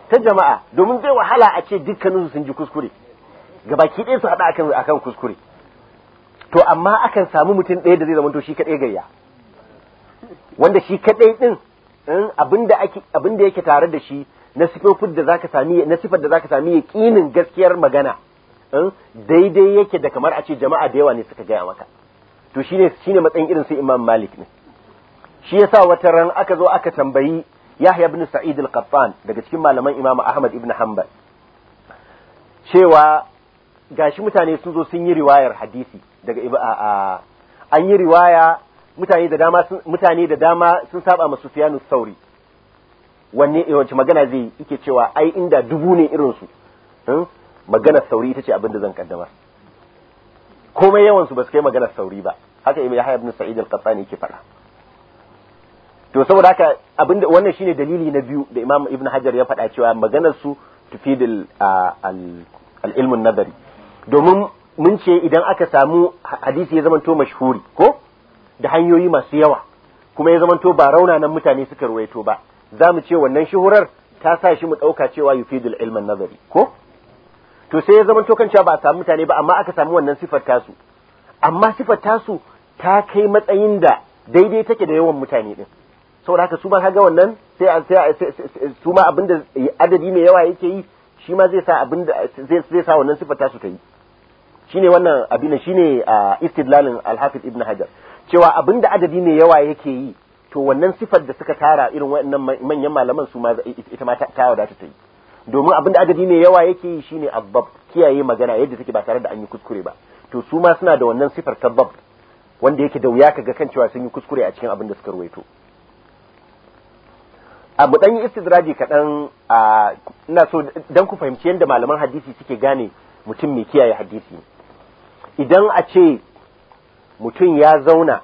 ta jama'a domin zai wahala a ce dukkaninsu sun ji kuskure gabaki ɗaya su haɗa akan akan kuskure to amma akan samu mutum ɗaya da zai zama to shi kaɗai gayya wanda shi kadai din abinda ake abinda yake tare da shi na sifofin da zaka sami na sifar da zaka sami yaƙinin gaskiyar magana daidai yake da kamar a ce jama'a da yawa ne suka gaya maka to shine shine matsayin irin su Imam Malik ne shi yasa wata ran aka zo aka tambayi Yahya ibn Sa'id al-Qattan daga cikin malaman Imam Ahmad ibn Hanbal cewa gashi mutane sun zo sun yi riwayar hadisi daga an yi riwaya mutane da dama sun mutane da dama sun saba ma Sufyanu sauri wanne yawanci eh, magana zai yake cewa ai inda dubu ne irin su hmm? magana sauri ita ce abin zan kaddamar komai yawan su ba su kai magana sauri ba haka Ibn Yahya ibn Sa'id al qattani yake faɗa to saboda haka abinda wannan shine dalili na biyu da Imam Ibn Hajar ya faɗa cewa maganar su tufidil al-ilmun nadari domin mun ce idan aka samu hadisi ya zamanto mashhuri ko da hanyoyi masu yawa kuma ya zamanto ba raunanan mutane suka ruwaito ba za mu ce wannan shuhurar ta sa shi mu ɗauka cewa yufidul ilmin nazari ko to sai ya zamanto kan cewa ba a samu mutane ba amma aka samu wannan sifar tasu amma sifar tasu ta kai matsayin da daidai take da yawan mutane din saboda haka su ma kaga wannan sai sai su ma abinda adadi mai yawa yake yi shi ma zai sa abinda zai zai sa wannan sifar tasu ta yi shine wannan abin shine ah, istidlalin al-hafiz ibn hajar cewa abinda adadi mai yawa yake yi to wannan sifar da suka tara irin waɗannan manyan malaman su ma ita ma ta da ta yi domin abinda adadi ne yawa yake yi shine abbab kiyaye magana yadda take ba tare da an yi kuskure ba to su ma suna da wannan sifar tabbab wanda yake da wuya kaga kan cewa sun yi kuskure a cikin abin da suka ruwaito abu dan istidraji kadan ina so dan ku fahimci yadda malaman hadisi suke gane mutum mai kiyaye hadisi idan a ce mutum ya zauna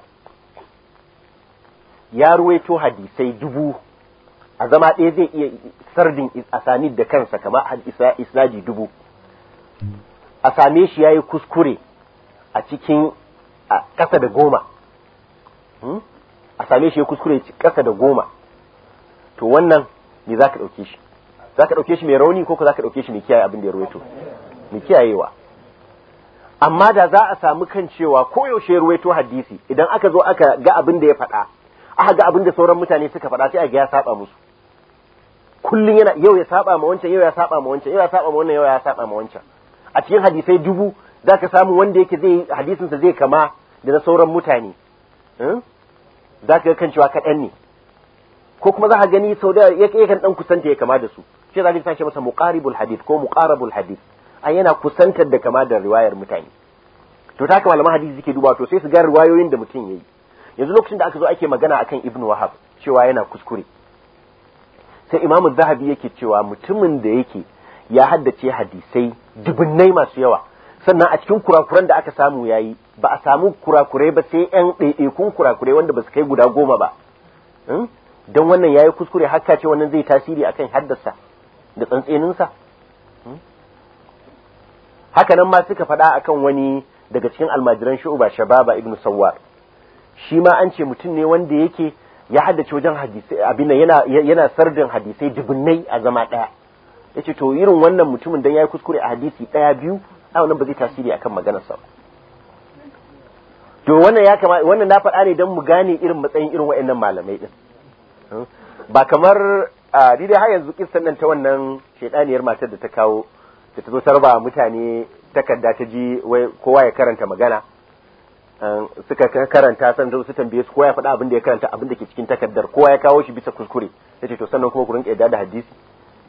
ya ruwaito hadisai dubu a zama ɗaya zai iya sardin asanid da kansa kama isnadi dubu a same shi ya yi kuskure a cikin ƙasa da goma hmm? a same shi ya kuskure ƙasa da goma to wannan ne za ka ɗauke shi za ka ɗauke shi mai rauni ko ka za ka ɗauke shi mai kiyaye abin da ya ruwaito mai kiyayewa amma da za a samu kan cewa koyaushe ruwaito hadisi idan aka zo aka ga abin da ya faɗa aka ga abin da sauran mutane suka faɗa sai a ga ya saba musu kullum yana yau ya saba ma wancan yau ya saba ma wancan yau ya saba ma wannan yau ya saba ma wancan a cikin hadisai dubu za ka samu wanda yake zai hadisinsa zai kama da na sauran mutane hmm? za ka ga kan cewa kaɗan ne ko kuma za ka gani sau da yakan ɗan kusanta ya kama da su shi za ka sace masa muqaribul hadith ko muqarabul hadith a yana kusantar da kama da riwayar mutane to ta kama malaman hadisi suke duba to sai su ga riwayoyin da mutum ya yi yanzu lokacin da aka zo ake magana akan ibnu wahab cewa yana kuskure sai imam zahabi yake cewa mutumin da yake ya haddace hadisai dubunnai masu yawa sannan a cikin kurakuran da aka samu yayi ba a samu kurakurai ba sai yan ɗaiɗaikun kurakurai wanda ba su kai guda goma ba hmm? don wannan yayi kuskure haka ce wannan zai tasiri akan haddasa da tsantseninsa haka nan ma suka faɗa akan wani daga cikin almajiran shu'ba shababa ibnu sawwar shi ma an ce mutum ne wanda yake ya haddace wajen hadisai abin yana yana sardin hadisai dubunnai a zama daya yace to irin wannan mutumin dan yayi kuskure a hadisi daya biyu a wannan ba zai tasiri akan maganar sa to wannan ya kama wannan na faɗa ne dan mu gane irin matsayin irin waɗannan malamai din ba kamar a dai har yanzu kissan nan ta wannan shedaniyar matar da ta kawo da ta zo sarba mutane takarda ta ji wai kowa ya karanta magana suka karanta san su tambaye su kowa ya faɗa abin da ya karanta abin da ke cikin takardar kowa ya kawo shi bisa kuskure yace to sannan kuma ku rinka yadda da hadisi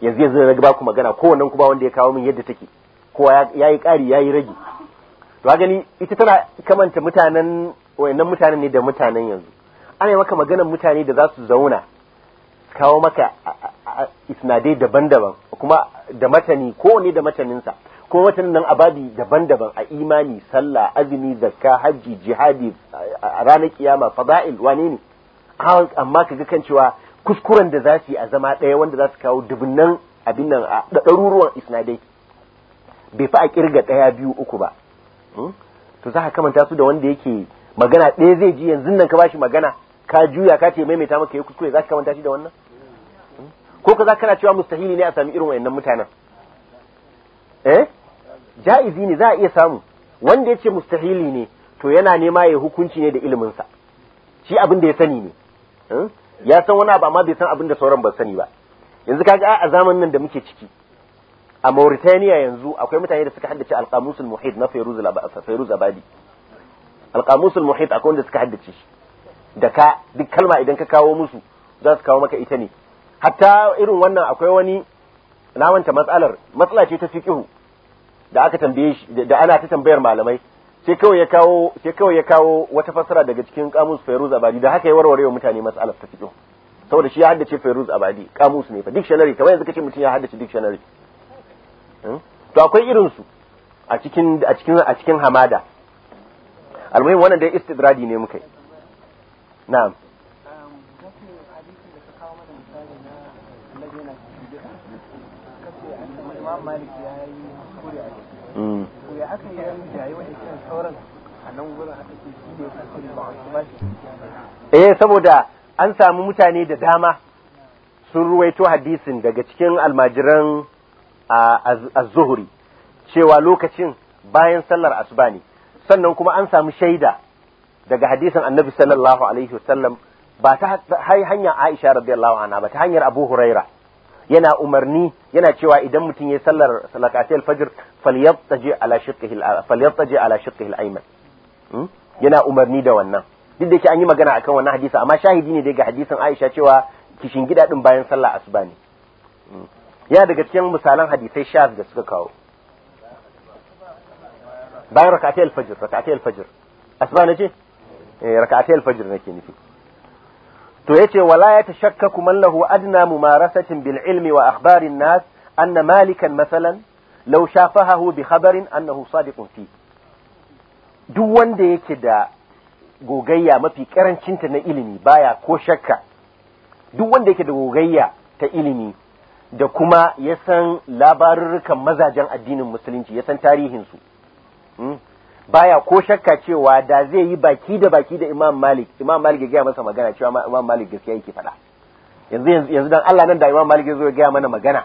yanzu yanzu na ba ku magana kowannen kuma wanda ya kawo min yadda take kowa ya yi ƙari yi rage to gani ita tana kamanta mutanen wayannan mutanen ne da mutanen yanzu ana maka maganar mutane da za su zauna kawo maka isnadai daban-daban kuma da matani ko ne da mataninsa ko matanin nan ababi daban-daban a imani sallah azumi zakka hajji jihadi a ranar kiyama fada'il wane ne amma kaga kan cewa kuskuren da za su yi a zama ɗaya wanda za su kawo dubunnan abin nan a ɗaruruwan isnadai bai fi a kirga ɗaya biyu uku ba hmm? to za ka kamanta su da wanda yake magana ɗaya zai ji yanzu nan ka bashi magana ka juya ka ce maimaita maka ya kuskure za ka kamanta shi da wannan ko ka za kana cewa mustahili ne a sami irin wayannan mutanen eh ja'izi ne za a iya samu wanda ya ce mustahili ne to yana nema ya hukunci ne da ilimin sa shi abin da ya sani ne hmm? ya san wani abu amma bai san abin da sauran ba sani ba yanzu kaga a zaman nan da muke ciki a Mauritania yanzu akwai mutane da suka haddace alqamusul muhit na Fairuz Abadi alqamusul muhit akwai wanda suka haddace shi da ka duk kalma idan ka kawo musu za su kawo maka ita ne hatta irin wannan akwai wani namanta matsalar matsala ce ta fiqihu da aka tambaye shi da ana ta tambayar malamai sai kawai ya kawo sai kawai ya kawo wata fasara daga cikin kamus Fairuz Abadi da haka ya warware wa mutane matsalar ta fiqihu saboda shi ya haddace Fairuz Abadi kamus ne fa dictionary kamar yanzu kace mutum ya haddace dictionary hmm? to akwai irin su a cikin a cikin a cikin hamada almuhim wannan dai istidradi ne muka yi na'am eh saboda an samu mutane da dama sun ruwaito hadisin daga cikin almajiran az-zuhri cewa lokacin bayan sallar asuba ne sannan kuma an samu shaida daga hadisin annabi sallallahu alaihi wasallam ba ta hanya aisha radiyallahu anha ba ta hanyar abu huraira yana umarni yana cewa idan mutum ya sallar salakati alfajir falyattaji ala shiqqihi falyattaji ala shiqqihi alayman hmm? yana umarni da wannan duk da yake an yi magana akan wannan hadisi amma shahidi ne daga hadisin Aisha cewa kishin gida din bayan sallah asuba ne hmm? ya daga cikin misalan hadisai shaz da suka kawo bayan rakati alfajir rakati alfajir asuba ce eh alfajir na nake nufi to yace wala ya tashakkaku man lahu adna mumarasatin bil ilmi wa akhbarin nas anna malikan masalan law shafahu bi khabarin annahu sadiqun fi duk wanda yake da gogayya mafi ta na ilimi baya ko shakka duk wanda yake da gogayya ta ilimi da kuma ya san labarurrukan mazajen addinin musulunci ya san tarihinsu hmm, baya ko shakka cewa da zai yi baki da baki da Imam Malik Imam Malik ya gaya masa magana cewa Imam Malik gaskiya yake faɗa yanzu yanzu dan Allah nan da Imam Malik zai zo ya gaya mana magana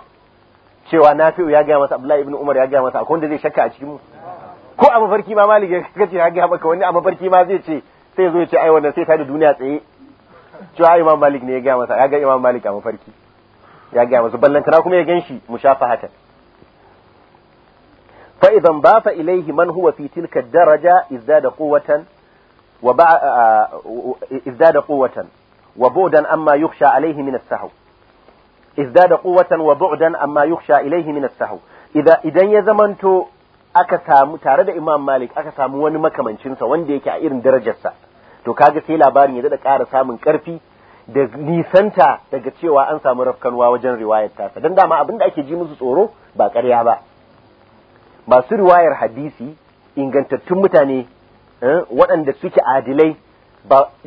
cewa Nafi'u ya gaya masa Abdullahi ibn Umar ya gaya masa akwai wanda zai shakka a cikin mu ko a mafarki ma Malik ya kace ya gaya maka wani a mafarki ma zai ce sai zo ya ce ai wannan sai ta da duniya tsaye cewa Imam Malik ne ya gaya masa ya ga Imam Malik a mafarki ya gaya masa ballantana kuma ya ganshi mushafahatan fa idan ba fa ilaihi man huwa fi tilka daraja izdada quwwatan wa ba izdada quwwatan wa bu'dan amma yukhsha alaihi min as-sahw izdada quwwatan wa bu'dan amma yukhsha alaihi min as-sahw idan ya zamanto aka samu tare da Imam Malik aka samu wani makamancinsa wanda yake a irin darajarsa to kaga sai labarin ya dada ƙara samun ƙarfi da nisanta daga cewa an samu rafkanwa wajen riwayar tasa don dama abinda ake ji musu tsoro ba ƙarya ba ba masu riwayar hadisi ingantattun mutane eh, waɗanda suke adilai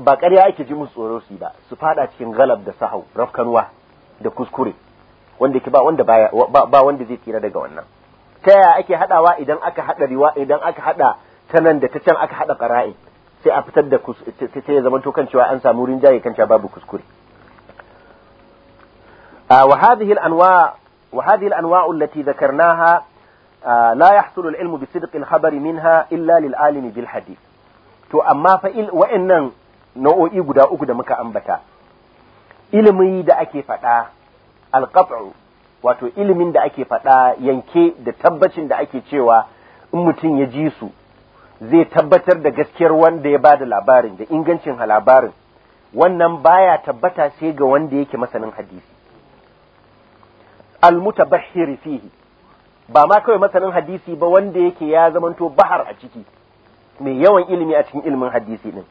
ba ƙarya ake ji musu tsoro su ba su fada cikin galab da sahau rafkanwa da kuskure wanda ke ba wanda zai tsira daga wannan ta yaya ake hadawa idan aka hada riwa idan aka hada ta da ta can aka hada qara'i sai a fitar da sai ya zama to kan cewa an samu rinjaye kan cewa babu kuskure ah, wa hadhihi al-anwa wa hadhihi al-anwa allati dhakarnaha la yahsulu al-ilmu bi sidqi al-khabari minha illa lil alimi bil hadith to amma fa wa'annan nau'o'i guda uku da muka ambata ilimi da ake faɗa alqat'u wato ilimin da ake faɗa yanke da tabbacin da ake cewa in mutum ya ji su zai tabbatar da gaskiyar wanda ya bada labarin da ingancin labarin wannan baya tabbata sai ga wanda yake masanin hadisi almutabahhir fihi ba ma kawai masanin hadisi ba wanda yake ya zamanto bahar a ciki mai yawan ilimi a cikin ilimin hadisi din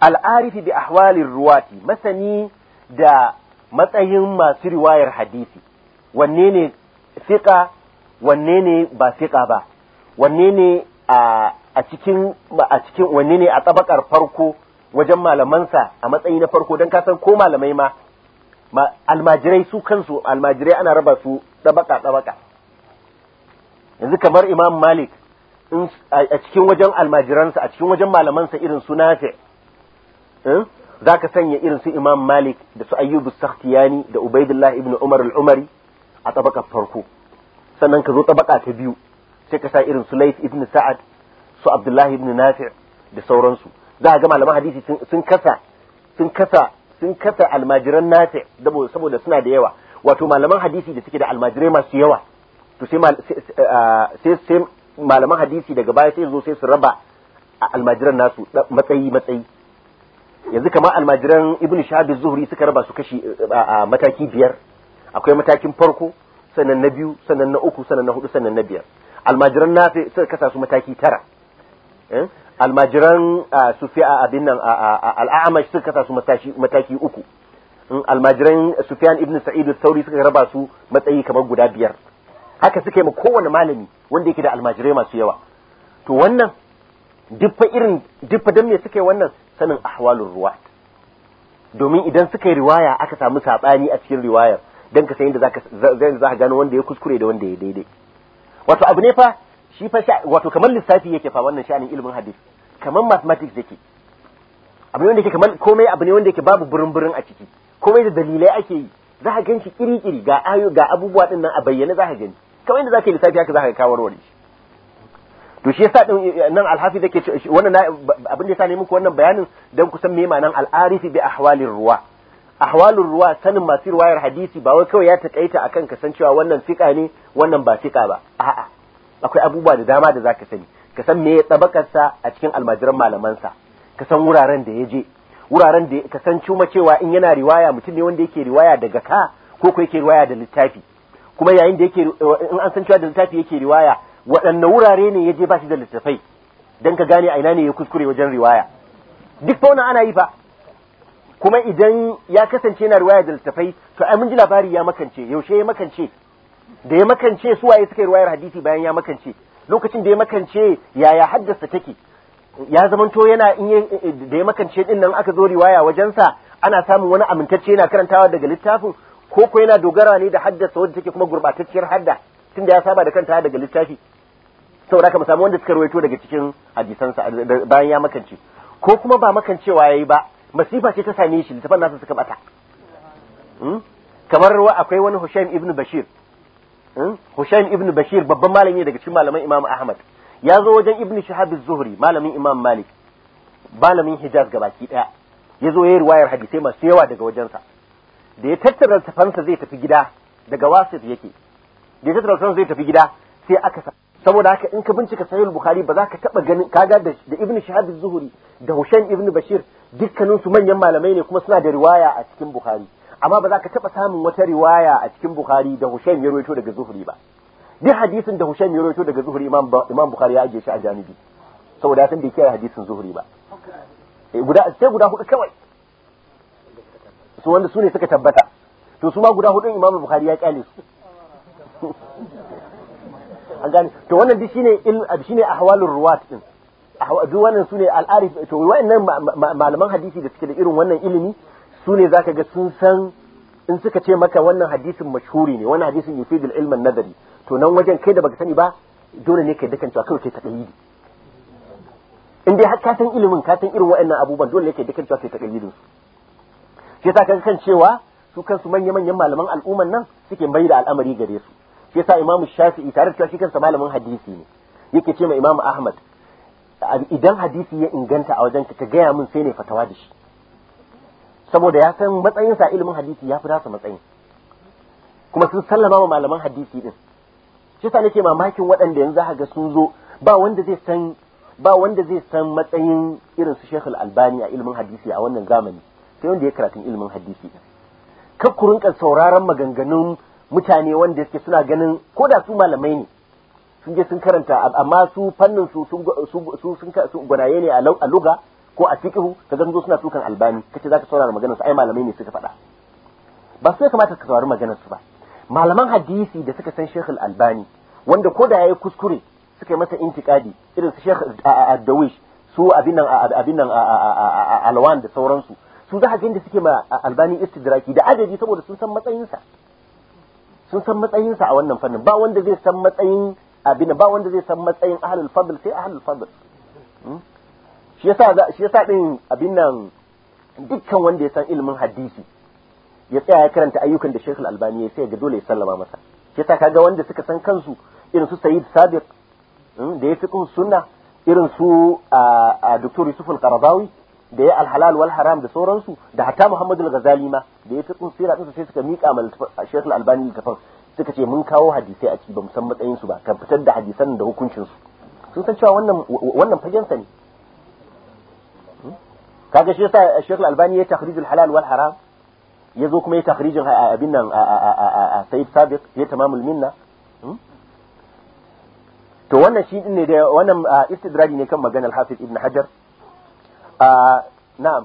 al'arifi bi ahwalir ruwati masani da matsayin masu riwayar hadisi wanne ne fiqa wanne ne ba fiqa ba wanne ne a a cikin a cikin wanne ne a tabakar farko wajen malamansa a matsayi na farko don kasan ko malamai ma almajirai su kansu almajirai ana raba su tabaka tabaka yanzu kamar imam malik a cikin wajen almajiransa a cikin wajen malamansa irin su nafe eh, za ka sanya irin su imam malik da su ayyubu sakhtiyani da ubaidullah ibn umar al'umari a tabakar farko sannan ka zo tabaka ta biyu sai ka sa irin su laif ibn sa'ad su abdullah ibn nafe da sauransu za a ga malaman hadisi sun kasa sun kasa sun kasa almajiran nafi saboda suna da yawa wato malaman hadisi da suke da almajirai masu yawa to sai ah, sai sai malaman hadisi daga baya sai zo sai su raba almajiran nasu matsayi matsayi yanzu kamar almajiran ibn shahabi zuhri suka raba su kashi a ah, ah, mataki biyar akwai matakin farko sannan na biyu sannan na uku sannan na hudu sannan na biyar almajiran nafi suka kasa su mataki tara eh? almajiran sufiya abin nan al'amash suka kasa su mataki uku mm, almajiran sufiyan ibn sa'id al-thawri suka raba su matsayi kamar guda biyar haka suke ma kowane malami wanda yake da almajirai masu yawa to wannan duffa irin duffa dan me suke wannan sanin ahwalur ruwat domin idan suka yi riwaya aka samu sabani a cikin riwayar dan ka san inda zaka ka zaka gano wanda ya kuskure da wanda ya daidai wato abu ne fa shi fa wato kamar lissafi yake fa wannan sha'anin ilimin hadisi kamar mathematics yake abu ne wanda yake kamar komai abu ne wanda yake babu burin-burin a ciki komai da dalilai ake yi za ka ganci kiri-kiri ga ayo ga abubuwa din nan a bayyane za ka gani kawai inda zaka yi lissafi haka zaka kawo warware shi to shi yasa din eh, nan alhafi yake wannan abin da yasa ne muku wannan bayanin dan kusan me ma'anan al-arifi bi ahwalir ruwa ahwalur ruwa sanin masu riwayar hadisi ba wai kawai ya takaita akan kasancewa wannan fiqa ne wannan ba fiqa ba a'a akwai abubuwa da dama da zaka sani ka san me tabakar sa a cikin almajiran malaman sa ka san wuraren da yaje wuraren da ka san cuma cewa in yana riwaya mutum ne wanda yake riwaya daga ka ko ko yake riwaya da littafi kuma yayin da yake in an san cewa da littafi yake riwaya waɗanne wurare ne ya je ba shi da littafai don ka gane a ina ne ya kuskure wajen riwaya duk fauna ana yi fa kuma idan ya kasance yana riwaya da littafai to ai mun ji labari ya makance yaushe ya makance da ya makance su waye suka riwayar hadisi bayan ya makance lokacin da ya makance yaya haddasa take ya zamanto yana in da ya makance din nan aka zo riwaya wajensa ana samun wani amintacce yana karantawa daga littafin ko ko yana dogara ne da haddasa wadda take kuma gurbatacciyar hadda tun da ya saba da kanta daga littafi saboda ka samu wanda suka rawaito daga cikin hadisansa bayan ya makance ko kuma ba makancewa yayi ba masifa ce ta same shi littafin nasa suka bata hmm? kamar akwai wani Hushaim ibn Bashir hmm? Hushaim ibn Bashir babban malami daga cikin malaman Imam Ahmad ya zo wajen Ibn Shihab zuhri malamin Imam Malik malamin Hijaz gabaki daya ya zo yayi riwayar hadisai masu yawa daga wajensa da ya tattara tafansa zai tafi gida daga wasit yake da ya tattara tafansa zai tafi gida sai aka sa saboda haka in ka bincika sahih bukhari ba za ka taba ganin kaga da ibnu shahab az-zuhri da hushain ibnu bashir dukkanin su manyan malamai ne kuma suna da riwaya a cikin bukhari amma ba za ka taba samun wata riwaya a cikin bukhari da hushain ya rawaito daga zuhri ba duk hadisin da hushain ya rawaito daga zuhri imam imam bukhari ya ajiye shi a janibi saboda ya san bai kiyaye hadisin zuhri ba eh, guda sai guda hudu kawai su wanda su ne suka tabbata to su ma guda hudun imamu bukari ya kyale su an gane to wannan duk shine shine ahwalur ruwat din duk wannan ne al'arif to wayannan malaman hadisi da suke da irin wannan ilimi su ne zaka ga sun san in suka ce maka wannan hadisin mashhuri ne wannan hadisin yufidul ilman nadari to nan wajen kai da baka sani ba dole ne kai dakan cewa kawai kai taqlidi in dai har ka san ilimin ka san irin wayannan abubuwan dole ne kai da cewa kai ta su shi yasa kaga kan cewa su kansu manya-manyan malaman al'umman nan suke mai da al'amari gare su shi yasa imamu shafi'i tare da cewa shi kansa malamin hadisi ne yake ce ma imamu ahmad idan hadisi ya inganta a wajen ka gaya min sai ne fatawa da shi saboda ya san matsayin sa ilimin hadisi ya fi rasa matsayin kuma sun sallama ma malaman hadisi din shi yasa nake mamakin waɗanda yanzu za ga sun zo ba wanda zai san ba wanda zai san matsayin irin su Sheikh albani a ilimin hadisi a wannan zamani sai wanda ya karatun ilimin hadisi kar ku rinka sauraron maganganun mutane wanda suke suna ganin ko da su malamai ne sun je sun karanta amma su fannin su su sun gwanaye ne a luga ko a fiqhu ka ga suna tukan albani kace zaka saurara maganar su ai malamai ne suka faɗa ba sai kamata ka saurari maganar su ba malaman hadisi da suka san Sheikh albani wanda ko da yayi kuskure suka yi masa intikadi irin su Sheikh Ad-Dawish su abin nan abin nan Alwan da sauransu su za ga da suke ma albani istidraki da adadi saboda sun san matsayinsa sun san matsayinsa a wannan fannin ba wanda zai san matsayin abin ba wanda zai san matsayin ahlul fadl sai ahlul fadl hmm? shi yasa shi yasa din abin nan dukkan wanda ya san ilimin hadisi ya tsaya ya karanta ayyukan da Sheikh Al-Albani ya sai ga dole ya sallama masa shi yasa kaga wanda suka san kansu irin su Sayyid Sabiq hmm, da ya fi kun sunna irin su a Dr. Yusuf Al-Qaradawi da ya alhalal wal haram da sauransu da hatta muhammadu al-ghazali ma da ya tsitsin sira din sai suka mika mal shaykh al-albani littafin suka ce mun kawo hadisai a ciki ba san matsayin su ba kan fitar da hadisan da hukuncin su sun san cewa wannan wannan fagen sa ne hmm? kaga shi yasa shaykh al-albani ya takhrijul halal wal haram ya zo kuma ya takhrijin abin nan a sayyid sabiq ya tamamul minna hmm? to wannan shi ne da wannan istidraji ne kan maganar hafiz ibn hajar na'am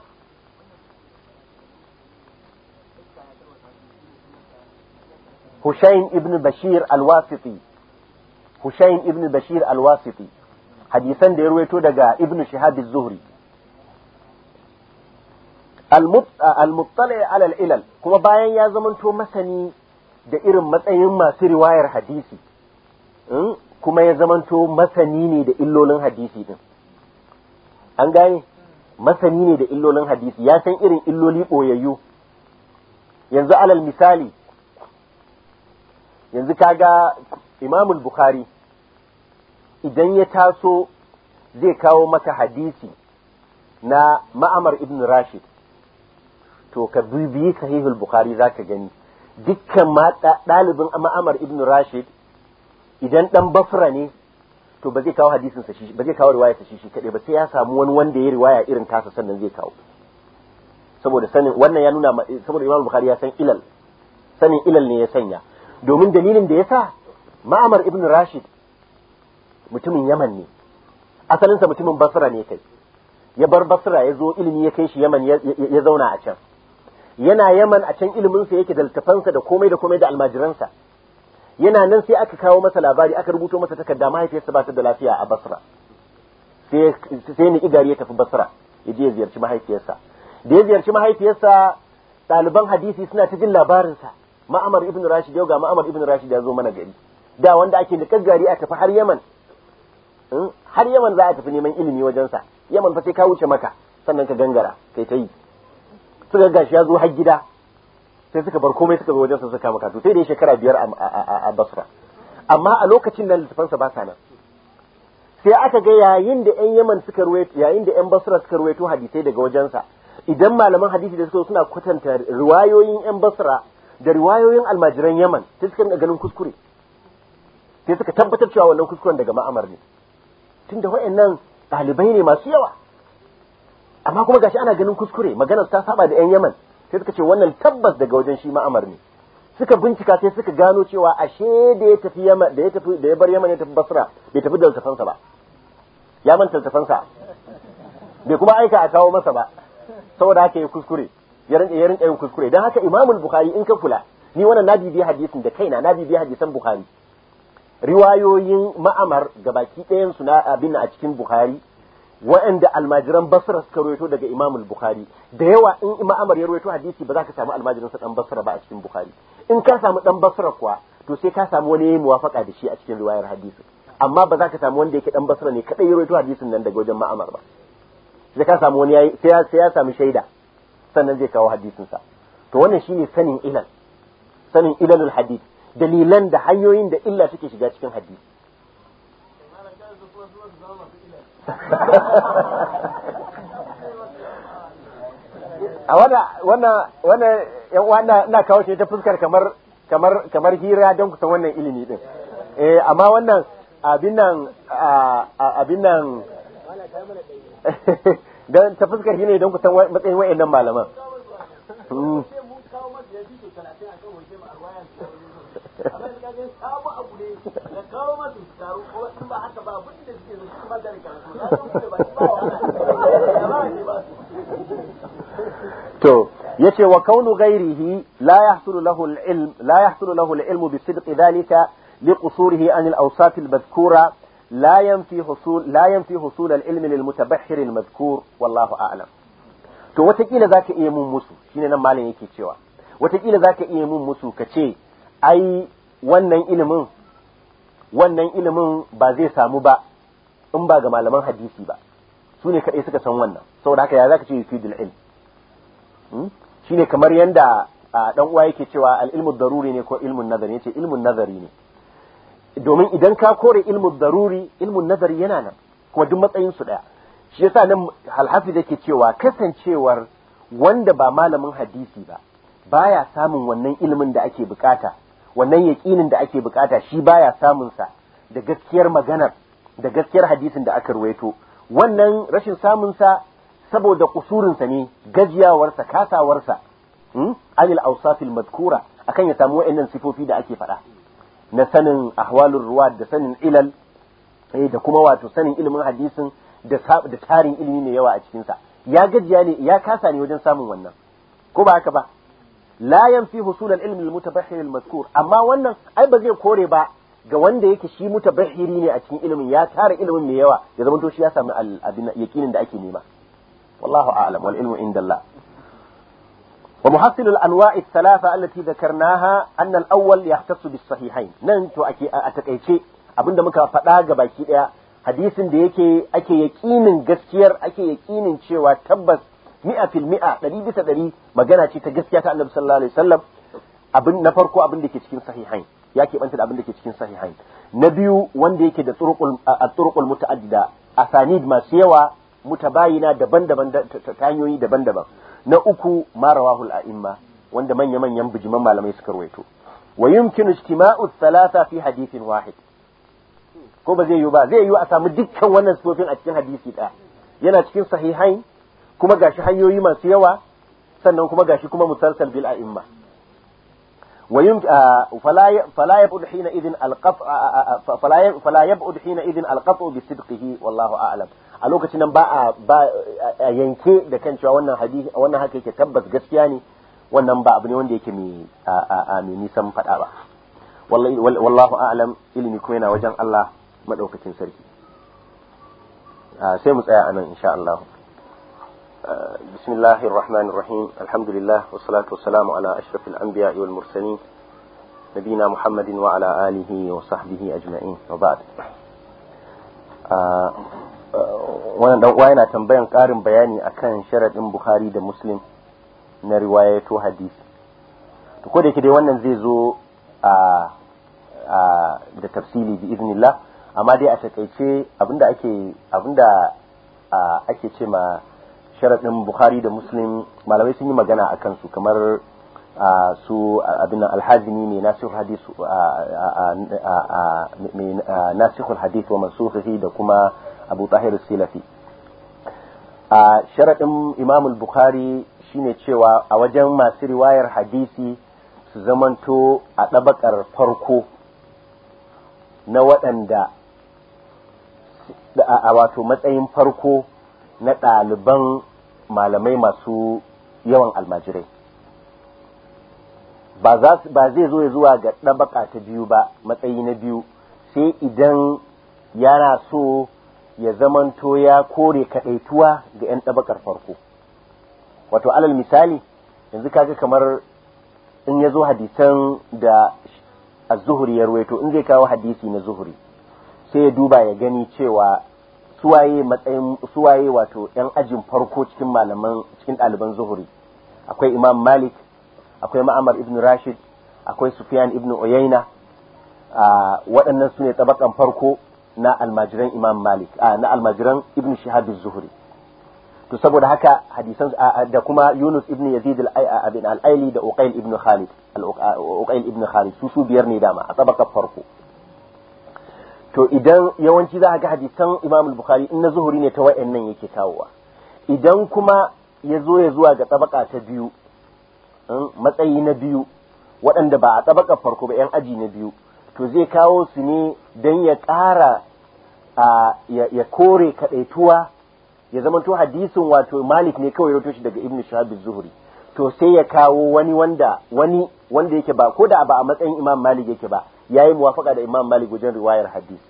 Hushain ibn Bashir al-Wasiti Hushain ibn Bashir al-Wasiti hadisan da ya ruwaito daga ibn Shihab zuhri al-muttali ala al-ilal kuma bayan ya zamanto masani da irin matsayin masu riwayar hadisi kuma ya zamanto masani ne da illolin hadisi din an gane masani ne da illolin hadisi ya san irin illoli ɓoyayyu yanzu alal misali yanzu kaga imamul bukhari idan ya taso zai kawo maka hadisi na ma'amar ibn rashid to ka bibiyi sahihul bukhari za ka gani dukkan ɗalibin ma'amar ibn rashid idan ɗan bafra ne to ba zai kawo hadisin sa shi ba zai kawo riwaya sa shi shi kadai ba sai ya samu wani wanda ya riwaya irin tasa sannan zai kawo saboda sanin wannan ya nuna eh, saboda Imam Bukhari ya san ilal sanin ilal ne ya sanya domin dalilin da yasa Ma'amar ibn Rashid mutumin Yaman ne asalinsa mutumin Basra ne kai ya bar Basra ya zo ilimi ya kai shi Yaman ya zauna a can yana Yaman a can iliminsa yake da da komai da komai da almajiransa yana nan sai aka kawo masa labari aka rubuto masa takarda mahaifiyarsa ba ta da lafiya a Basra sai ni igari ya tafi Basra ya je ziyarci mahaifiyarsa da ya ziyarci mahaifiyarsa ɗaliban hadisi suna ta jin labarinsa ma'amar ibn Rashid yau ga ma'amar ibn Rashid ya zo mana gari da wanda ake niƙar gari a tafi har Yaman hmm? har Yaman za a tafi neman ilimi wajensa Yaman fa sai ka wuce maka sannan ka gangara kai ta yi suka gashi ya zo har gida sai suka bar komai suka zo wajen sa suka makatu sai da shekara biyar a basra amma a lokacin nan littafansa ba sa nan sai aka ga yayin da yan yaman suka ruwaito yayin da yan basra suka ruwaito hadisai daga wajensa idan malaman hadisi da suka suna kwatanta riwayoyin ƴan basra da riwayoyin almajiran yaman sai suka ganin kuskure sai suka tabbatar cewa wannan kuskuren daga ma'amar ne tunda wayannan ɗalibai ne masu yawa amma kuma gashi ana ganin kuskure maganar ta saba da yan yaman sai suka ce wannan tabbas daga wajen shi ma'amar ne suka bincika sai suka gano cewa ashe da ya tafi yaman da ya tafi da ya bar yaman ya tafi basra bai tafi da tafansa ba ya manta tafansa bai kuma aika a kawo masa ba saboda haka ya kuskure ya rinka yin kuskure dan haka imamul bukhari in ka kula ni wannan na bibiya hadisin da kaina na bibiya hadisan bukhari riwayoyin ma'amar gabaki ɗayan su na abin a cikin bukhari waɗanda almajiran basra suka rawaito daga imam al-bukhari da yawa in imam ya rawaito hadisi ba za ka samu almajirin sa dan basra ba a cikin bukhari in ka samu dan basra kuwa to sai ka samu wani yayi muwafaka da shi a cikin riwayar hadisi amma ba za ka samu wanda yake dan basra ne kadai ya rawaito hadisin nan daga wajen ma'amar ba sai ka samu wani yayi sai sai ya samu shaida sannan zai kawo hadisin sa to wannan shine sanin ilal sanin ilalul hadith dalilan da hanyoyin da illa suke shiga cikin hadisi a wannan wannan yan uwa ina kawo shi ta fuskar kamar kamar kamar hira don kusan wannan ilimi din eh amma wannan abin nan abin nan dan ta fuskar shi ne don kusan matsayin wayannan malaman hmm. kawo masu taro ko in ba haka ba abin da suke zuci kuma da karatu na da ba ba wa kaunu gairihi la yahsulu lahu al lahu al bi sidqi dhalika li qusurihi an al-awsaf al-madhkura لا ينفي حصول لا ينفي حصول العلم للمتبحر المذكور والله اعلم to watakila zaka iya mun musu shine nan malam yake cewa watakila zaka iya mun musu kace ai wannan ilimin wannan ilimin ba zai samu ba in ba ga malaman hadisi ba su ne kaɗai suka san wannan saboda haka ya za ka ce yufidul ilm hmm? shi ne kamar yadda ɗan uwa yake cewa al'ilmu daruri ne ko ilmun nazari ya ce ilmun nazari ne domin idan ka kore ilmun daruri ilmun nazari yana nan kuma duk matsayin su ɗaya shi yasa nan alhafi da ke cewa kasancewar wanda ba malamin hadisi ba baya samun wannan ilimin da ake bukata wannan yaƙinin da ake bukata shi baya samun sa da gaskiyar maganar da gaskiyar hadisin da aka ruwaito wannan rashin samun sa saboda kusurinsa ne gajiyawarsa kasawarsa hmm? alil awsafil madkura akan ya samu wayannan sifofi da ake faɗa na sanin ahwalur ruwad da sanin ilal eh da kuma wato sanin ilimin hadisin da da tarin ilimi ne yawa a cikin sa ya gajiya ne ya kasa ne wajen samun wannan ko ba haka ba la yanfi husul al-ilm al amma wannan ai ba zai kore ba ga wanda yake shi mutabahiri ne a cikin ilimin ya tara ilimin mai yawa ya zama to shi ya samu al-abin yaqinin da ake nema wallahu a'lam wal ilmu inda Allah ومحصل الأنواع الثلاثة التي ذكرناها أن nan to بالصحيحين ننتو a takaice abinda muka faɗa ga baki ɗaya hadisin da yake ake yaƙinin gaskiyar ake yaƙinin cewa tabbas mi'a fil mi'a ɗari bisa ɗari magana ce ta gaskiya ta annabi sallallahu alaihi wasallam abin na farko abin da ke cikin sahihain ya banta da abin da ke cikin sahihain na biyu wanda yake da turuqul muta'addida asanid masu yawa mutabayina daban-daban ta hanyoyi daban-daban na uku ma rawahul a'imma wanda manya-manyan bijiman malamai suka rawaito wa yumkinu istima'u thalatha fi hadithin wahid ko ba zai yiwu ba zai yiwu a samu dukkan wannan sifofin a cikin hadisi ɗaya yana cikin sahihain kuma gashi hanyoyi masu yawa sannan kuma gashi kuma musalsal bil a'imma wa yum fala yab'ud hina idin alqaf fala yab'ud hina idin alqaf a'lam a lokacin nan ba a yanke da kan cewa wannan wannan haka tabbas gaskiya ne wannan ba abu ne wanda yake mai nisan faɗa ba wallahu a'lam ilimi kuma yana wajen Allah madaukakin sarki sai mu tsaya anan insha Allah بسم الله الرحمن الرحيم الحمد لله والصلاة والسلام على أشرف الأنبياء والمرسلين نبينا محمد وعلى آله وصحبه أجمعين وبعد wannan dan uwa yana tambayan ƙarin bayani akan sharaɗin Bukhari da Muslim na riwayato hadisi to ko da yake dai wannan zai zo a da tafsili bi iznillah amma dai a takaice abinda ake abinda ake ce ma sharaɗin bukhari da muslim malamai sun yi magana a kansu kamar su abin alhazini mai nasihul hadith mai nasihul da kuma abu tahir silafi a sharaɗin imamul bukhari shine cewa a wajen masu riwayar hadisi su zamanto a ɗabakar farko na waɗanda a wato matsayin farko na ɗaliban malamai masu yawan almajirai ba zai zo ya zuwa ga ɗabaka ta biyu ba matsayi na biyu sai idan yana so ya zamanto ya kore kaɗaituwa ga 'yan ɗabakar farko wato alal misali yanzu kaga kamar in ya zo hadisan da azuhuri zuhuri ya ruwaito in zai kawo hadisi na zuhuri sai ya duba ya gani cewa suwaye matsayin suwaye wato yan ajin farko cikin malaman cikin ɗaliban zuhuri akwai imam malik akwai ma'amar ibn rashid akwai sufyan ibn uyayna waɗannan su ne tabakan farko na almajiran imam malik na almajiran ibn shihab zuhuri to saboda haka hadisan da kuma yunus ibn yazid al-aili da uqail ibn khalid al khalid su su biyar ne dama a tabakar farko to idan yawanci za a ga hadisan imam bukhari in na zuhuri ne ta nan yake kawowa idan kuma ya zo ya zuwa ga tabaka ta biyu hmm, matsayi na biyu waɗanda ba a tabaka farko ba yan aji na biyu to zai kawo su ne don ya ƙara ya kore kaɗaituwa ya zama to hadisin wato malik ne kawai rotoshi daga ibn shahab zuhuri to sai ya kawo wani wanda wani wanda yake ba ko da ba a matsayin imam malik yake ba yayi muwafaka da Imam Malik wajen riwayar hadisi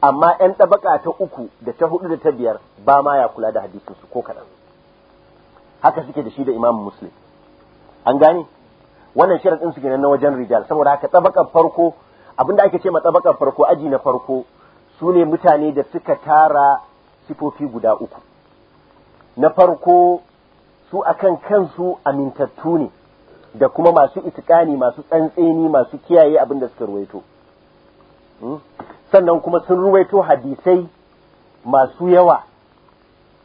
amma ɗan tabaka ta uku da ta hudu da ta biyar ba ma ya kula da hadisin su ko kaɗan haka suke da shi da Imam Muslim an gane wannan sharadin su kenan na wajen rijal saboda haka tabakan farko abinda ake ce ma tabakar farko aji na farko su ne mutane da suka tara sifofi guda uku na farko su akan kansu amintattu ne da kuma masu itikani masu tsantseni masu kiyaye abin da suka ruwaito hmm? sannan kuma sun ruwaito hadisai masu yawa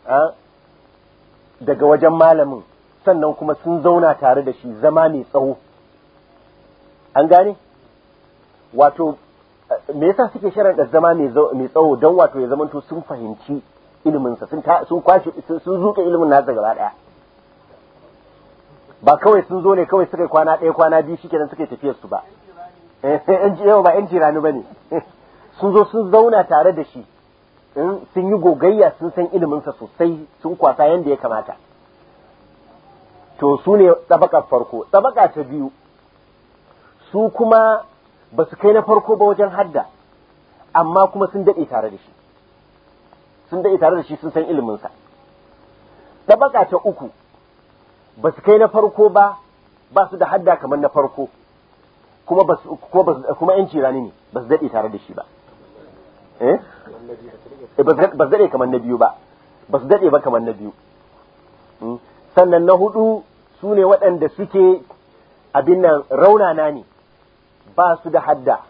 ah, daga wajen malamin sannan kuma sun zauna tare da shi zama mai tsawo an gane wato me yasa suke da zama mai tsawo don wato ya zamanto sun fahimci iliminsa sun kwashe sun zuke ilimin nasa gaba daya ba kawai sun zo ne kawai suka yi kwana ɗaya kwana biyu shi kenan suka yi tafiyar su ba eh, yawa ba yan jirani ba ne sun zo sun zauna tare da shi sun yi gogayya sun san iliminsa sosai sun kwasa yadda ya kamata to su ne tsabakar farko tsabaka ta biyu su kuma ba su kai na farko ba wajen hadda amma kuma sun daɗe tare da shi sun daɗe tare da shi sun san iliminsa ɗabaka ta uku ba su kai na farko ba ba su da hadda kamar na farko kuma ba su kuma yanci rani ne ba su daɗe tare da shi ba eh, eh ba su daɗe kamar na biyu ba ba su daɗe ba kamar na biyu hmm? sannan na hudu su ne waɗanda suke abin nan raunana ne ba su da hadda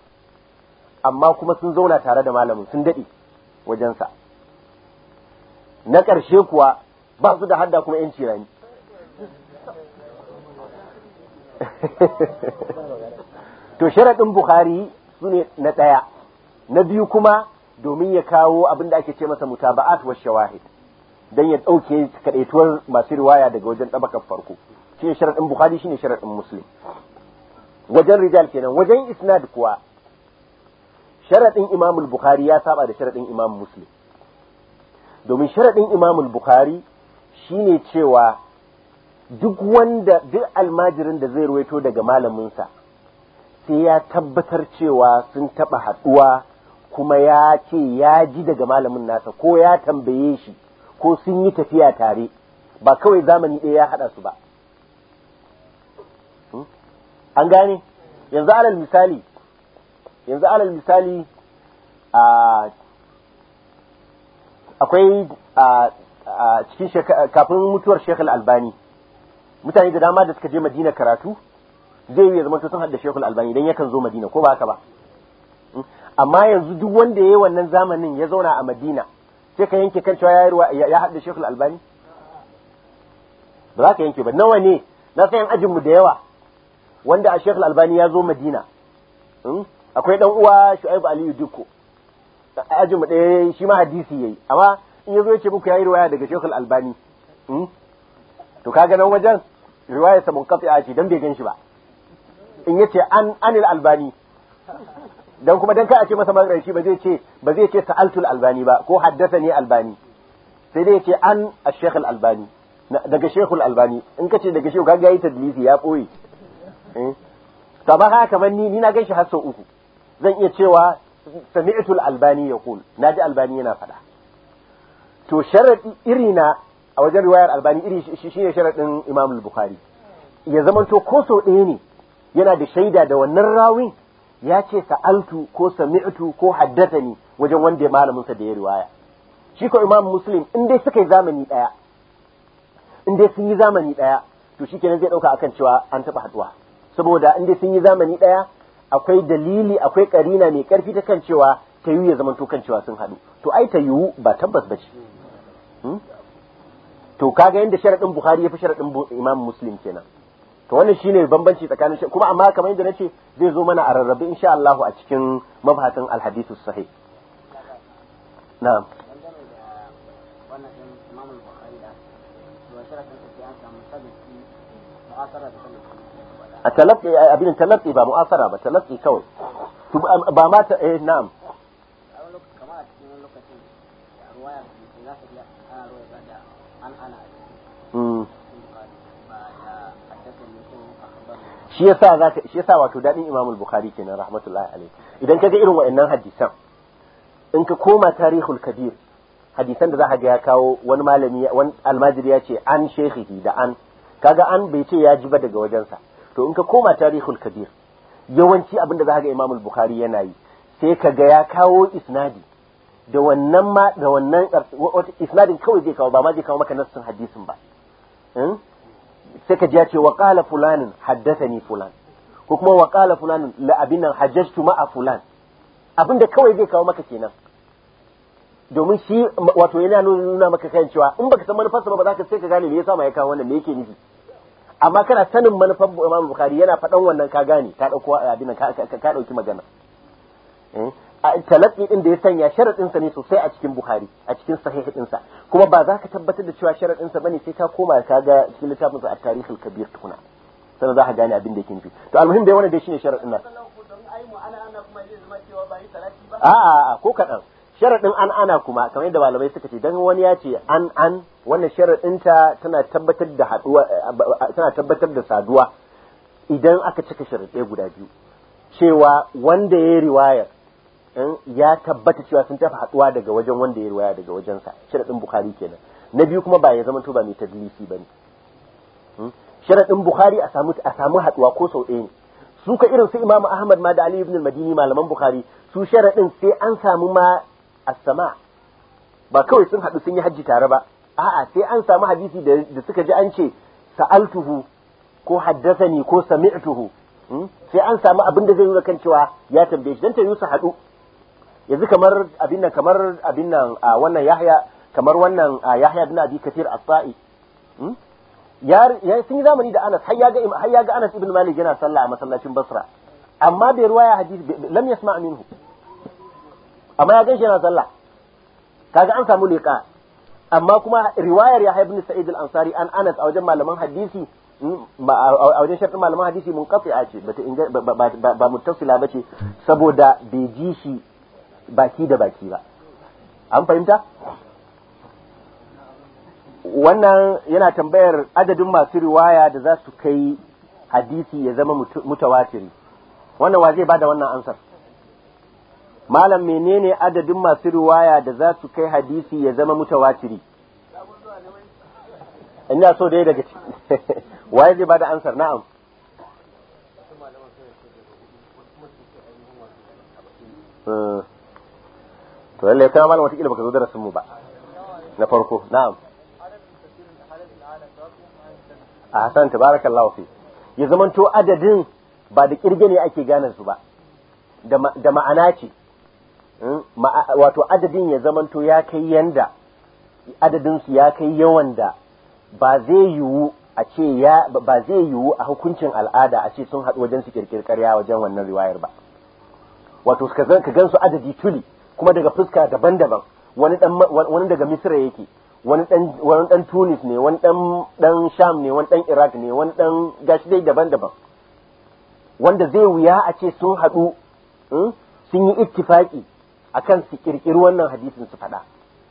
amma kuma sun zauna tare da malamin sun daɗe wajensa na ƙarshe kuwa ba su da hadda kuma yanci rani to sharaɗin bukhari su ne na ɗaya na biyu kuma domin ya kawo abin da ake ce masa mutaba'at wa shawahid don ya ɗauke kaɗaituwar masu riwaya daga wajen tabakar farko shine sharaɗin bukhari shine sharaɗin muslim wajen rijal kenan wajen isnad kuwa sharaɗin imamul bukhari ya saba da sharaɗin imam muslim domin sharaɗin imamul bukhari shine cewa duk wanda duk almajirin da zai ruwaito daga malaminsa sai ya tabbatar cewa sun taɓa haɗuwa kuma ya ce ya ji daga malamin nasa ko ya tambaye shi ko sun yi tafiya tare ba kawai zamani ɗaya ya haɗa su ba hmm? an gane yanzu alal misali yanzu alal misali a akwai a cikin kafin mutuwar shekul albani mutane da dama da suka je madina karatu zai yi zama sun hada shekul albani idan yakan zo madina ko ba haka ba hmm? amma yanzu duk wanda ya yi wannan zamanin ya zauna a madina sai ka yanke kan cewa ya hada shekul albani ba za ka yanke ba nawa ne na san yan ajinmu da yawa wanda a shekul albani ya zo madina hmm? akwai dan uwa shu'aibu aliyu dukko ajinmu ɗaya shi ma hadisi ya yi amma in ya zo ya ce muku ya yi ruwaya daga shekul albani hmm? to kaga nan wajen riwayar sa munqati'a ce dan bai ganshi ba in yace an anil albani dan kuma dan ka a ce masa magarci ba zai ce ba zai ce sa'altul albani ba ko haddathani albani sai dai yace an ash-shaykh albani daga shekul albani in ka ce daga shekul kaga yayi tadlisi ya boye eh? ta ba haka kamar ni ni na ganshi har sau uku zan iya cewa albani ya albani yaqul naji albani yana fada to sharadi irina a wajen riwayar albani iri shi shine sharadin imam al-bukhari ya zamanto ko sau ɗaya ne yana da shaida da wannan rawin ya ce sa'altu ko sami'tu ko haddata ne wajen wanda ya malamin sa da ya riwaya shi ko imam muslim in dai suka yi zamani ɗaya in dai sun yi zamani ɗaya to shikenan zai ɗauka akan cewa an taɓa haɗuwa saboda in dai sun yi zamani ɗaya akwai dalili akwai karina mai karfi ta kan cewa ta yiwu ya zamanto kan cewa sun hadu to ai ta yiwu ba tabbas ce hmm? to kaga yanda sharadin bukhari yafi sharadin imam muslim kenan to wannan shine bambanci tsakanin kuma amma kamar yadda nace zai zo mana a rarrabe insha Allah a cikin mabhatin al-hadith sahih na'am a talaqi eh, abin talaqi eh, ba mu'asara ba talaqi eh, kawai ba ma eh na'am shi yasa zaka shi yasa wato dadin Imam al-Bukhari kenan rahmatullahi alayhi idan kaga irin wayannan hadisan in ka koma tarihul kabir hadisan da za ga ya kawo wani malami wani almajiri ya ce an shekhihi da an kaga an bai ce ya ji ba daga wajensa to in ka koma tarihul kabir yawanci abinda za ga imamul bukhari yana yi sai ka ga ya kawo isnadi da wannan ma da wannan er, isnadin kawai zai kawo ba ma zai kawo maka nassin hadisin ba hmm? sai ka ji ya ce wa ƙala fulanin ni fulan ko kuma wa ƙala fulanin la abin nan hajjajtu ma'a fulan abinda kawai zai kawo maka kenan domin shi wato yana nuna maka kayan cewa in baka san manufarsa ba ba za ka sai ka gane me yasa ma ya kawo wannan me yake nufi amma kana sanin manufar Imam Bukhari yana faɗan wannan ka gane ka ɗauki abin ka ɗauki magana eh? talaqi din da ya sanya sharadin sa ne sosai a cikin bukhari a cikin sahih din sa kuma ba za ka tabbatar da cewa sharadin sa bane sai ka koma ka ga cikin littafin sa at-tarikh al-kabir tukuna sai za ka gane abin da yake nufi to almuhim dai wannan dai shine sharadin nan a ko kadan sharaɗin an ana kuma kamar yadda malamai suka ce dan wani ya ce an an wannan sharaɗin ta tana tabbatar da haduwa tana tabbatar da saduwa idan aka cika sharaɗe guda biyu cewa wanda ya riwayar ya tabbata cewa sun tafi haduwa daga wajen wanda ya waya daga wajensa sharaɗin bukhari kenan na biyu kuma ba ya zama to ba mai tadlisi bane hmm? sharadin bukhari a samu a samu haduwa ko sau ɗaya ne su ka irin su imamu ahmad ma da ali ibn al-madini malaman bukhari su sharaɗin sai an samu ma as-sama ba kawai sun hadu sun yi hajji tare ba a'a sai an samu hadisi da suka ji an ce sa'altuhu ko haddasani ko sami'tuhu hmm? sai an samu abin da zai nuna kan cewa ya tambaye shi dan ta yi su haɗu yanzu kamar abin nan kamar abin nan a wannan yahya kamar wannan yahya bin abi kathir as-sa'i hmm? ya sun yi zamani da Anas har ya ga har ya ga Anas ibn Malik yana sallah a masallacin Basra amma bai ruwaya hadisi lam yasma minhu amma ya gaishe yana sallah kaga an samu liqa amma kuma riwayar Yahya ibn Sa'id al-Ansari an Anas a wajen malaman hadisi hmm, a wajen shafin malaman hadisi mun kafi a ce ba mutasila ba ce saboda bai ji shi baki da baki ba an fahimta wannan yana tambayar adadin masu riwaya da za su kai hadisi ya zama mutawatiri wannan wa zai da wannan ansar malam menene adadin masu riwaya da za su kai hadisi ya zama mutawatiri ina so dai daga ciki waye zai da ansar na'am Uh... to lalle kai malam wata kila baka zo darasin mu ba na farko na'am a hasan tabarakallahu fi ya zamanto adadin ba da kirge ne ake gane su ba da ma'ana ce hmm? wato adadin ya zamanto ya kai yanda adadin su ya kai yawan da ba zai yiwu a ce ya ba zai yiwu a hukuncin al'ada a ce sun haɗu wajen su kirkirkar ya wajen wannan riwayar ba wato ka gan su adadi tuli kuma daga fuska daban-daban wani wani daga misra yake wani dan wani dan tunis ne wani dan dan sham ne wani dan iraq ne wani dan gashi dai daban-daban wanda zai wuya a ce sun haɗu hmm, sun yi ittifaki akan su kirkiri wannan hadisin su faɗa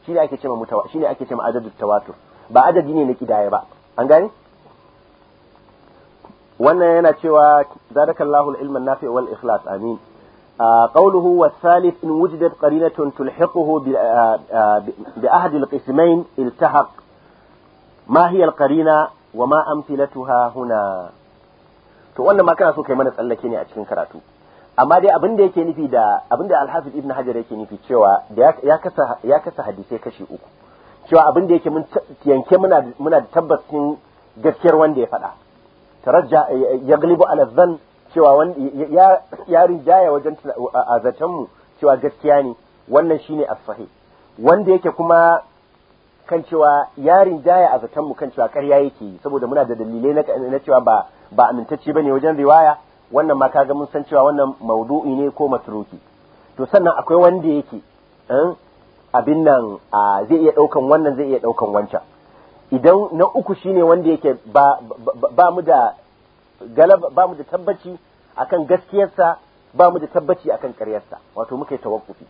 shi ne ake cewa mutawa shi ne ake cewa adadu tawatur ba adadi ne na kidaya ba an gane wannan yana cewa zadakallahu al-ilman nafi wal ikhlas amin قوله والثالث إن وجدت قرينة تلحقه بأحد القسمين التحق ما هي القرينة وما أمثلتها هنا to wannan ma kana kai mana tsallake ne a cikin karatu amma dai abin da yake nufi da da Al-Hafiz Ibn Hajar yake nufi cewa ya kasa ya kasa hadisi kashi uku cewa abin da yake yanke muna muna da tabbacin gaskiyar wanda ya faɗa tarajja yaglibu ala dhann cewa ya rinjaya wajen a zatenmu cewa gaskiya ne wannan shine as-sahih wanda yake kuma kan cewa ya rinjaya a zatenmu kan cewa karya yake yi saboda muna da dalilai na cewa ba ba amintacce bane wajen riwaya wannan ma kaga mun san cewa wannan maudu'i ne ko matruki to sannan akwai wanda yake eh, abin nan zai iya daukan wannan zai iya daukan wancan idan na uku shine wanda yake ba ba mu da galaba ba mu da tabbaci akan gaskiyarsa ba mu da tabbaci akan ƙaryarsa wato muka yi tawakkufi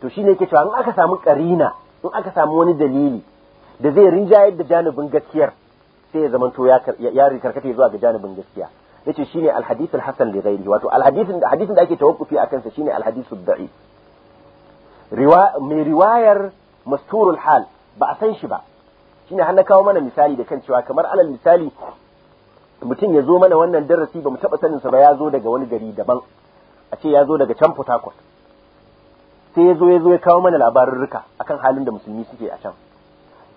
to ne yake cewa in aka samu ƙarina in aka samu wani dalili da zai rinjayar da janibin gaskiyar sai ya zamanto ya rikarkata zuwa ga janibin gaskiya yace shine alhadith alhasan li ghairi wato alhadithin da ake tawakkufi akan sa shine alhadithu da'if riwa mai riwayar masturul hal ba a san shi ba ne har na kawo mana misali da kan cewa kamar alal misali mutum ya zo mana wannan darasi ba mu taɓa saninsa ba ya zo daga wani gari daban a ce ya zo daga can port harcourt sai ya zo ya zo ya kawo mana labarin rika akan halin da musulmi suke a can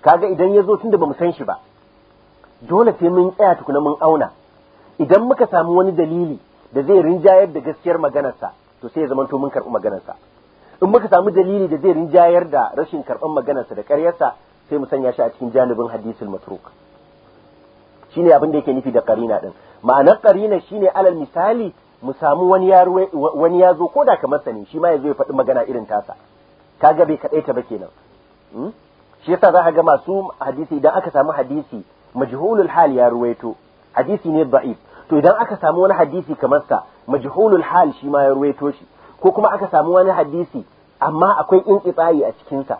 kaga idan ya zo tunda ba mu san shi ba dole sai mun tsaya tukuna mun auna idan muka samu wani dalili da zai rinjayar da gaskiyar maganarsa to sai ya zama to mun karɓi maganarsa in muka samu dalili da zai rinjayar da rashin karɓar maganarsa da ƙaryarsa sai mu sanya shi a cikin janibin hadisul matruk shine abin da yake nufi da karina din ma'anar karina shine alal misali mu samu wani ya wani zo koda kamar sani shi ma ya zo ya faɗi magana irin tasa kaga bai ta ba kenan hmm? shi yasa za ga masu hadisi idan aka samu hadisi majhulul hal ya ruwaito hadisi ne da'if to idan aka samu wani hadisi kamar sa majhulul hal shi ma ya ruwaito shi ko kuma aka samu wani hadisi amma akwai inqita'i a cikinsa.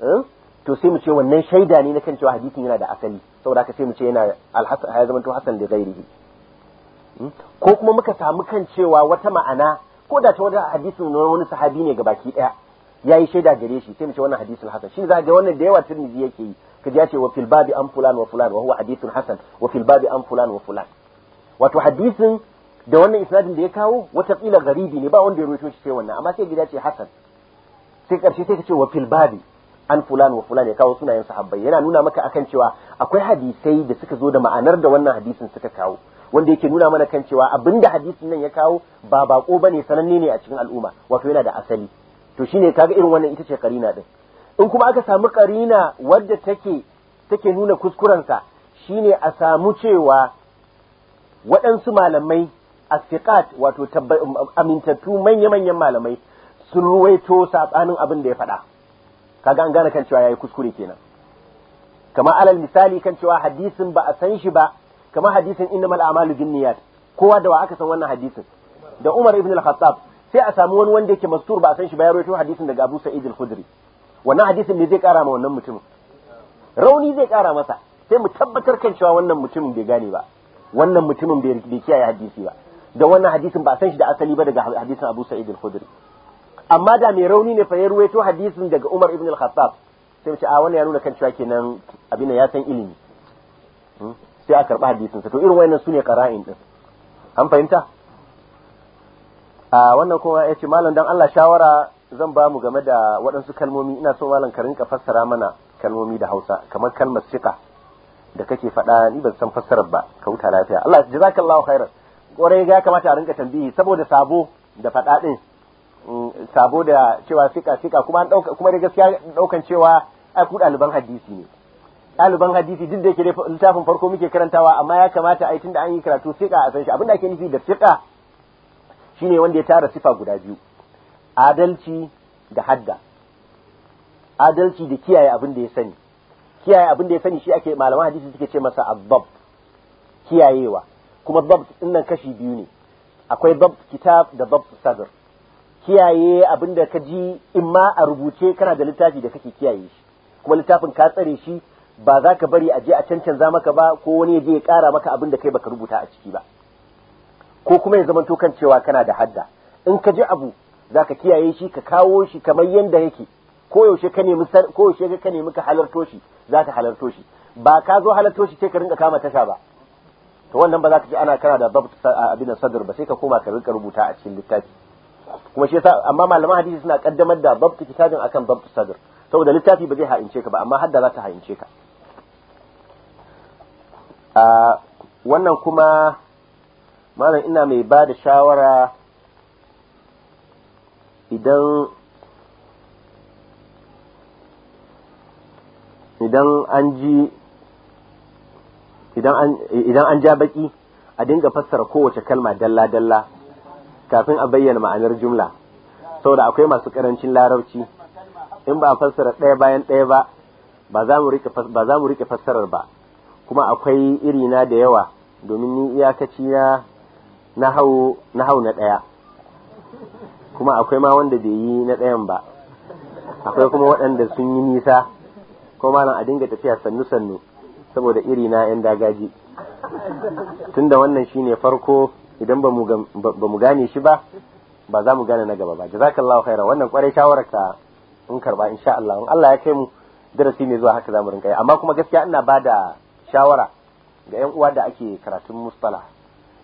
Hmm? to sai mu ce wannan shaida ne na kan cewa hadisin yana da asali saboda haka sai mu ce yana alhasan ya zama to hasan da gairihi hmm? ko kuma muka samu kan cewa wata ma'ana ko da ta wani hadisin wani sahabi ne gabaki daya yayi shaida gare shi sai mu ce wannan hadisin hasan shi za ga wannan da yawa tirmidhi yake yi kaji ya ce wa fil babi an fulan wa fulan wa huwa hadithun hasan wa fil babi an fulan wa fulan wato hadisin da wannan isnadin da ya kawo wata kila garibi ne ba wanda ya rubuto shi sai wannan amma sai gida ce hasan sai karshe sai ka ce wa fil babi an fulan wa fulan ya kawo sunayen sahabbai yana nuna maka akan cewa akwai hadisai da suka zo da ma'anar da wannan hadisin suka kawo wanda yake nuna mana kan cewa abinda hadisin nan ya kawo ba bako bane sananne ne a cikin al'umma wato yana da asali to shine kaga irin wannan ita ce karina din in kuma aka samu karina wadda take take nuna kuskuren sa shine a samu cewa waɗansu malamai asiqat wato amintattu manya-manyan malamai sun ruwaito sabanin abin da ya faɗa kaga an gane kan cewa yayi kuskure kenan kama alal misali kan cewa hadisin ba a san shi ba kama hadisin innamal a'malu binniyat kowa da wa aka san wannan hadisin da Umar ibn al-Khattab sai a samu wani wanda yake mastur ba a san shi ba ya rawaito hadisin daga Abu Sa'id al-Khudri wannan hadisin ne zai kara ma wannan mutumin rauni zai kara masa sai mu tabbatar kan cewa wannan mutumin bai gane ba wannan mutumin bai kiyaye hadisi ba da wannan hadisin ba a san shi da asali ba daga hadisin Abu Sa'id al-Khudri amma da mai rauni ne fa ya ruwaito hadisin daga Umar ibn al-Khattab sai mu ce a wannan ya nuna kan cewa kenan abin ya san ilimi hmm? sai a karba hadisin sa to irin wayannan sune qara'in din an fahimta a wannan kuma ce malam dan Allah shawara zan ba mu game da waɗansu kalmomi ina so malam ka rinka fassara mana kalmomi da Hausa kamar kalmar siqa da kake faɗa ni ban san fassarar ba ka huta lafiya Allah jazakallahu khairan kwarai ga kamata a rinka tambayi saboda sabo da faɗa din Eh, sabo da cewa sika sika kuma an dauka kuma da gaskiya daukan cewa ai ku daliban hadisi ne daliban hadisi duk da yake littafin farko muke karantawa amma ya kamata ai tunda an yi karatu sika a san shi abinda ake nufi da sika shine wanda ya tara sifa guda biyu adalci da hadda adalci da kiyaye abin da ya sani kiyaye abin da ya sani shi ake malaman hadisi suke ce masa abbab kiyayewa kuma dab nan kashi biyu ne akwai dab kitab da dab sadr kiyaye abin da ka ji in ma a rubuce kana da littafi da kake kiyaye shi kuma littafin ka tsare shi ba za ka bari a je a cancanza maka ba ko wani ya je ya kara maka abin da kai baka rubuta a ciki ba ko kuma ya zamanto kan cewa kana da hadda in ka ji abu za ka kiyaye shi ka kawo shi kamar yadda yake ko yaushe ka nemi ko yaushe ka nemi ka halarto shi za ka halarto shi ba ka zo halarto shi sai ka rinka kama tasha ba to wannan ba za ka ji ana kana da babu abin sadar ba sai ka koma ka rinka rubuta a cikin littafi kuma shi yasa amma malaman hadisi suna kaddamar da babu kitabin akan babu sadr saboda littafi ba zai haince ka ba amma hadda za ta haince ka a wannan kuma malam ina mai ba da shawara idan idan an ji idan an ja baki a dinga fassara kowace kalma dalla-dalla kafin a bayyana ma'anar jumla saboda akwai masu karancin larabci in ba a fassara ɗaya bayan ɗaya ba ba za mu rike fassarar ba kuma akwai iri na da yawa domin ni iyakaci na na hau na ɗaya kuma akwai ma wanda bai yi na ɗayan ba akwai kuma waɗanda sun yi nisa ko malam a dinga tafiya sannu-sannu saboda iri na 'yan dagaji tun da wannan shine farko idan ba mu gane shi ba ba za mu gane na gaba ba jazakallahu khaira wannan kwarai shawarar ka in karba insha Allah in Allah ya kai mu darasi ne zuwa haka zamu rinka yi amma kuma gaskiya ina bada shawara ga yan uwa da ake karatun mustala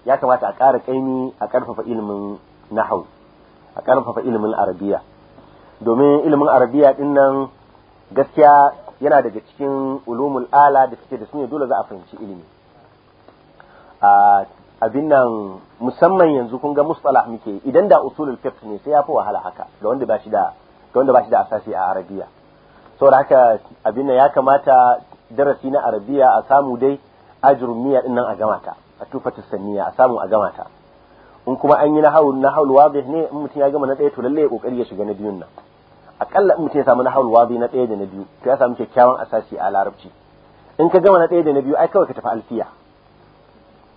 ya kamata a ƙara kaimi a karfafa ilimin nahau a ƙarfafa ilimin arabiya domin ilimin arabiya din nan gaskiya yana daga cikin ulumul ala da suke da su ne dole za a fahimci ilimi a abin nan musamman yanzu kun ga mustalah muke idan da usulul fiqh ne sai ya fi wahala haka ga wanda ba shi da ga wanda ba shi da asasi a arabiya saboda haka abin nan ya kamata darasi na arabiya a samu dai ajrun niyya din nan a gamata a tufatu sanniya a samu a gamata in kuma an yi na haul na haul wadih ne in mutum ya gama na ɗaya to lalle ya kokari ya shiga na biyun nan akalla in mutum ya samu na haul wadih na ɗaya da na biyu to ya samu kyakkyawan asasi a larabci in ka gama na ɗaya da na biyu ai kawai ka tafi alfiya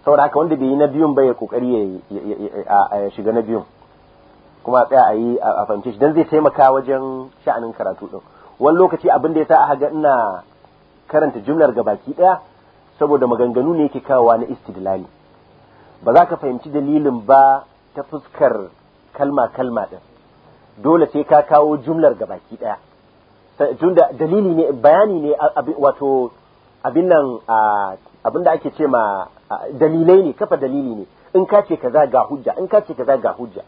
saboda haka wanda bai yi na biyun ba ya kokari ya shiga na biyun kuma tsaya a yi a fahimce shi don zai taimaka wajen sha'anin karatu din wani lokaci abin da ya sa a haga ina karanta jumlar ga baki daya saboda maganganu ne yake kawowa na istidilali ba za ka fahimci dalilin ba ta fuskar kalma kalma din dole sai ka kawo jumlar ga baki daya dalili ne bayani ne wato abin nan abinda ake ce ma dalilai ne kafa dalili ne in ka ce kaza ga hujja in ka ce kaza ga hujja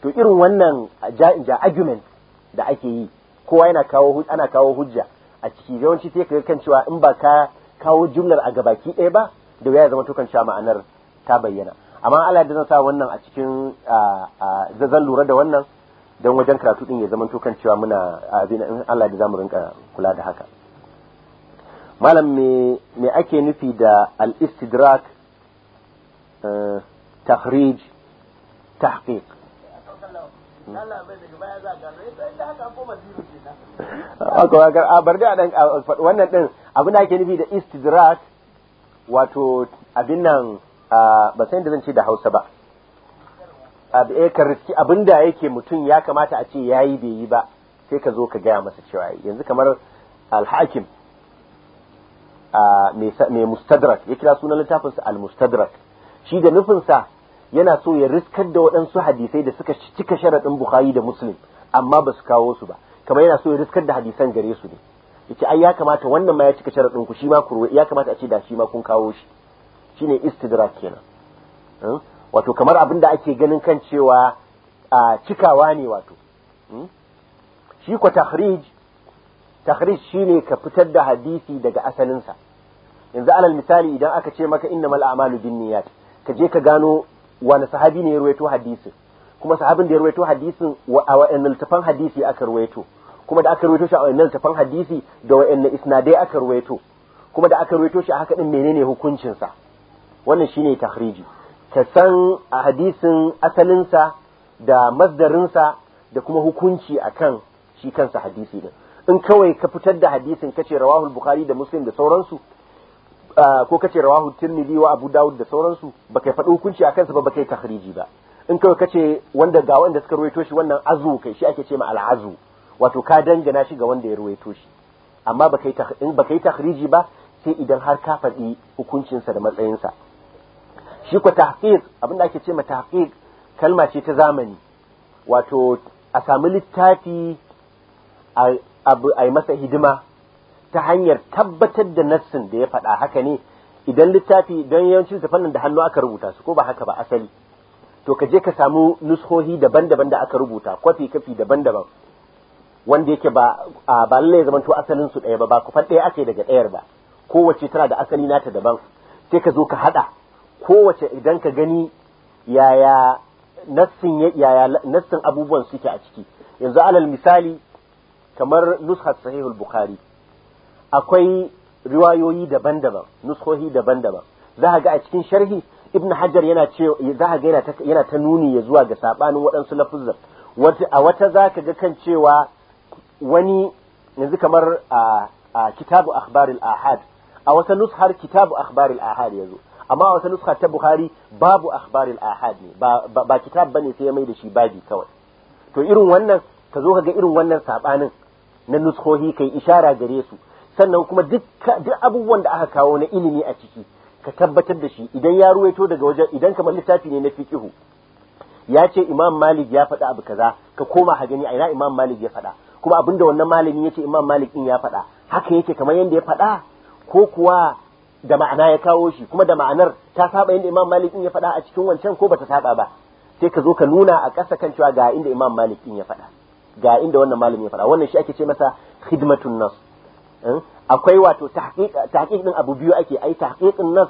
to irin wannan ja argument da ake yi kowa yana kawo ana kawo hujja a ciki yawanci sai ka kan cewa in ba ka kawo jumlar a gabaki ɗaya ba da ya zama to kan ma'anar ta bayyana amma Allah da zan sa wannan a cikin zan lura da wannan don wajen karatu din ya zama to kan cewa muna Allah da zamu rinka kula da haka malam me ake nufi da al-istidrak eh, tahrij tahqiq wannan din abin da ake nufi da istidrak wato abin nan ba sai da zan ce da hausa ba eh, abin da yake mutum ya kamata a ce yayi bai yi ba sai ka zo ka gaya masa cewa yanzu kamar alhakim mai mustadrak ya kira sunan littafinsa al-mustadrak shi da nufinsa yana so ya riskar da waɗansu hadisai da suka cika sharaɗin bukhari da muslim amma ba su kawo su ba kamar yana so ya riskar da hadisan gare su ne yace ai ya kamata wannan ma ya cika sharaɗin ku shi ma ku ya kamata a ce da shi ma kun kawo shi shine istidrak kenan hmm? wato kamar abin da ake ganin kan cewa cikawa ne wato hmm? shi tahrij takhrij shine ka fitar da hadisi daga asalinsa yanzu alal misali idan aka ce maka innamal a'malu binniyat ka je ka gano wani sahabi ne ya ruwaito hadisin kuma sahabin da ya ruwaito hadisin a wa'annan littafan hadisi aka ruwaito kuma da aka ruwaito shi a wa'annan littafan hadisi da wa'annan isnadai aka ruwaito kuma da aka ruwaito shi a haka din menene hukuncin sa wannan shine takhriji ka san a hadisin asalinsa da masdarinsa da kuma hukunci akan shi kansa hadisi din in kawai ka fitar da hadisin kace rawahul bukhari da muslim da sauransu ko kace rawahu tirmidhi wa abu daud da sauransu baka faɗi hukunci akan sa ba baka yi ba in kawai kace wanda ga wanda suka ruwaito shi wannan azu kai shi ake ce ma al'azu wato ka dangana shi ga wanda ya ruwaito shi amma baka yi in baka yi tahriji ba sai idan har ka faɗi hukuncin sa da matsayin sa shi ko tahqiq abinda ake ce ma tahqiq kalma ce ta zamani wato a sami littafi a abu a masa hidima ta hanyar tabbatar da nassin da ya faɗa haka ne idan littafi don yawancin fannin da hannu aka rubuta su ko ba haka ba asali to ka je ka samu nushohi daban-daban da aka rubuta kwafi kafi daban-daban wanda yake ba ba lalle ya zamanto asalin su ɗaya ba ba kufan ɗaya ake daga ɗayar ba kowace tana da asali nata daban sai ka zo ka haɗa kowace idan ka gani yaya nassin yaya nassin abubuwan suke a ciki yanzu alal misali kamar nushar sahihul bukhari akwai riwayoyi daban-daban nuskohi daban-daban za ga a cikin sharhi ibn hajar yana ce za ga yana ta, nuni ya zuwa ga sabanin waɗansu lafuzzan wata a wata za ka ga kan cewa wani yanzu kamar a, a kitabu akhbaril ahad a wata nushar kitabu akhbaril ahad yazo amma a wata nuskar ta bukhari babu akhbaril ahad ne ba, ba, ba ne sai ya mai da shi babi kawai to irin wannan ka zo ka ga irin wannan sabanin na nuskohi kai ishara gare su sannan kuma duk abubuwan da aka kawo na ilimi a ciki ka tabbatar da shi idan ya ruwaito daga wajen idan kamar littafi ne na fiqihu ya ce imam malik ya faɗa abu kaza ka koma ha gani a ina imam malik ya faɗa kuma abinda wannan malami ya ce imam malik din ya faɗa haka yake kamar yanda ya faɗa ko kuwa da ma'ana ya kawo shi kuma da ma'anar ta saba yadda imam malik din ya fada a cikin wancan ko bata saba ba sai ka zo ka nuna a ƙasa kan cewa ga inda imam malik din ya faɗa ga inda wannan malami ya faɗa wannan shi ake ce masa khidmatun nas eh? akwai wato tahqiq din abu biyu ake ai tahqiqin nas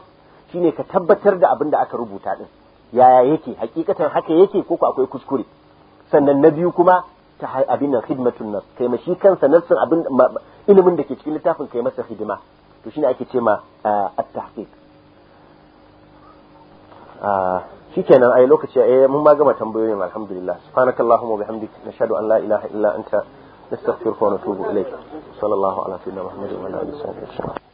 shine ka tabbatar da abin da aka rubuta din yaya yake hakikatan haka yake ko ko akwai kuskure sannan na biyu kuma ta abin nan khidmatun nas kai ma shi kansa nasin abin ilimin da ke cikin littafin kai masa hidima to shine ake ce ma eh, at-tahqiq ah. shikenan ai lokaci eh mun ma gama tambayoyin alhamdulillah subhanakallahumma wa bihamdika nashhadu an la ilaha illa anta nastaghfiruka wa natubu ilayk sallallahu ala sayyidina muhammadin wa alihi wa sahbihi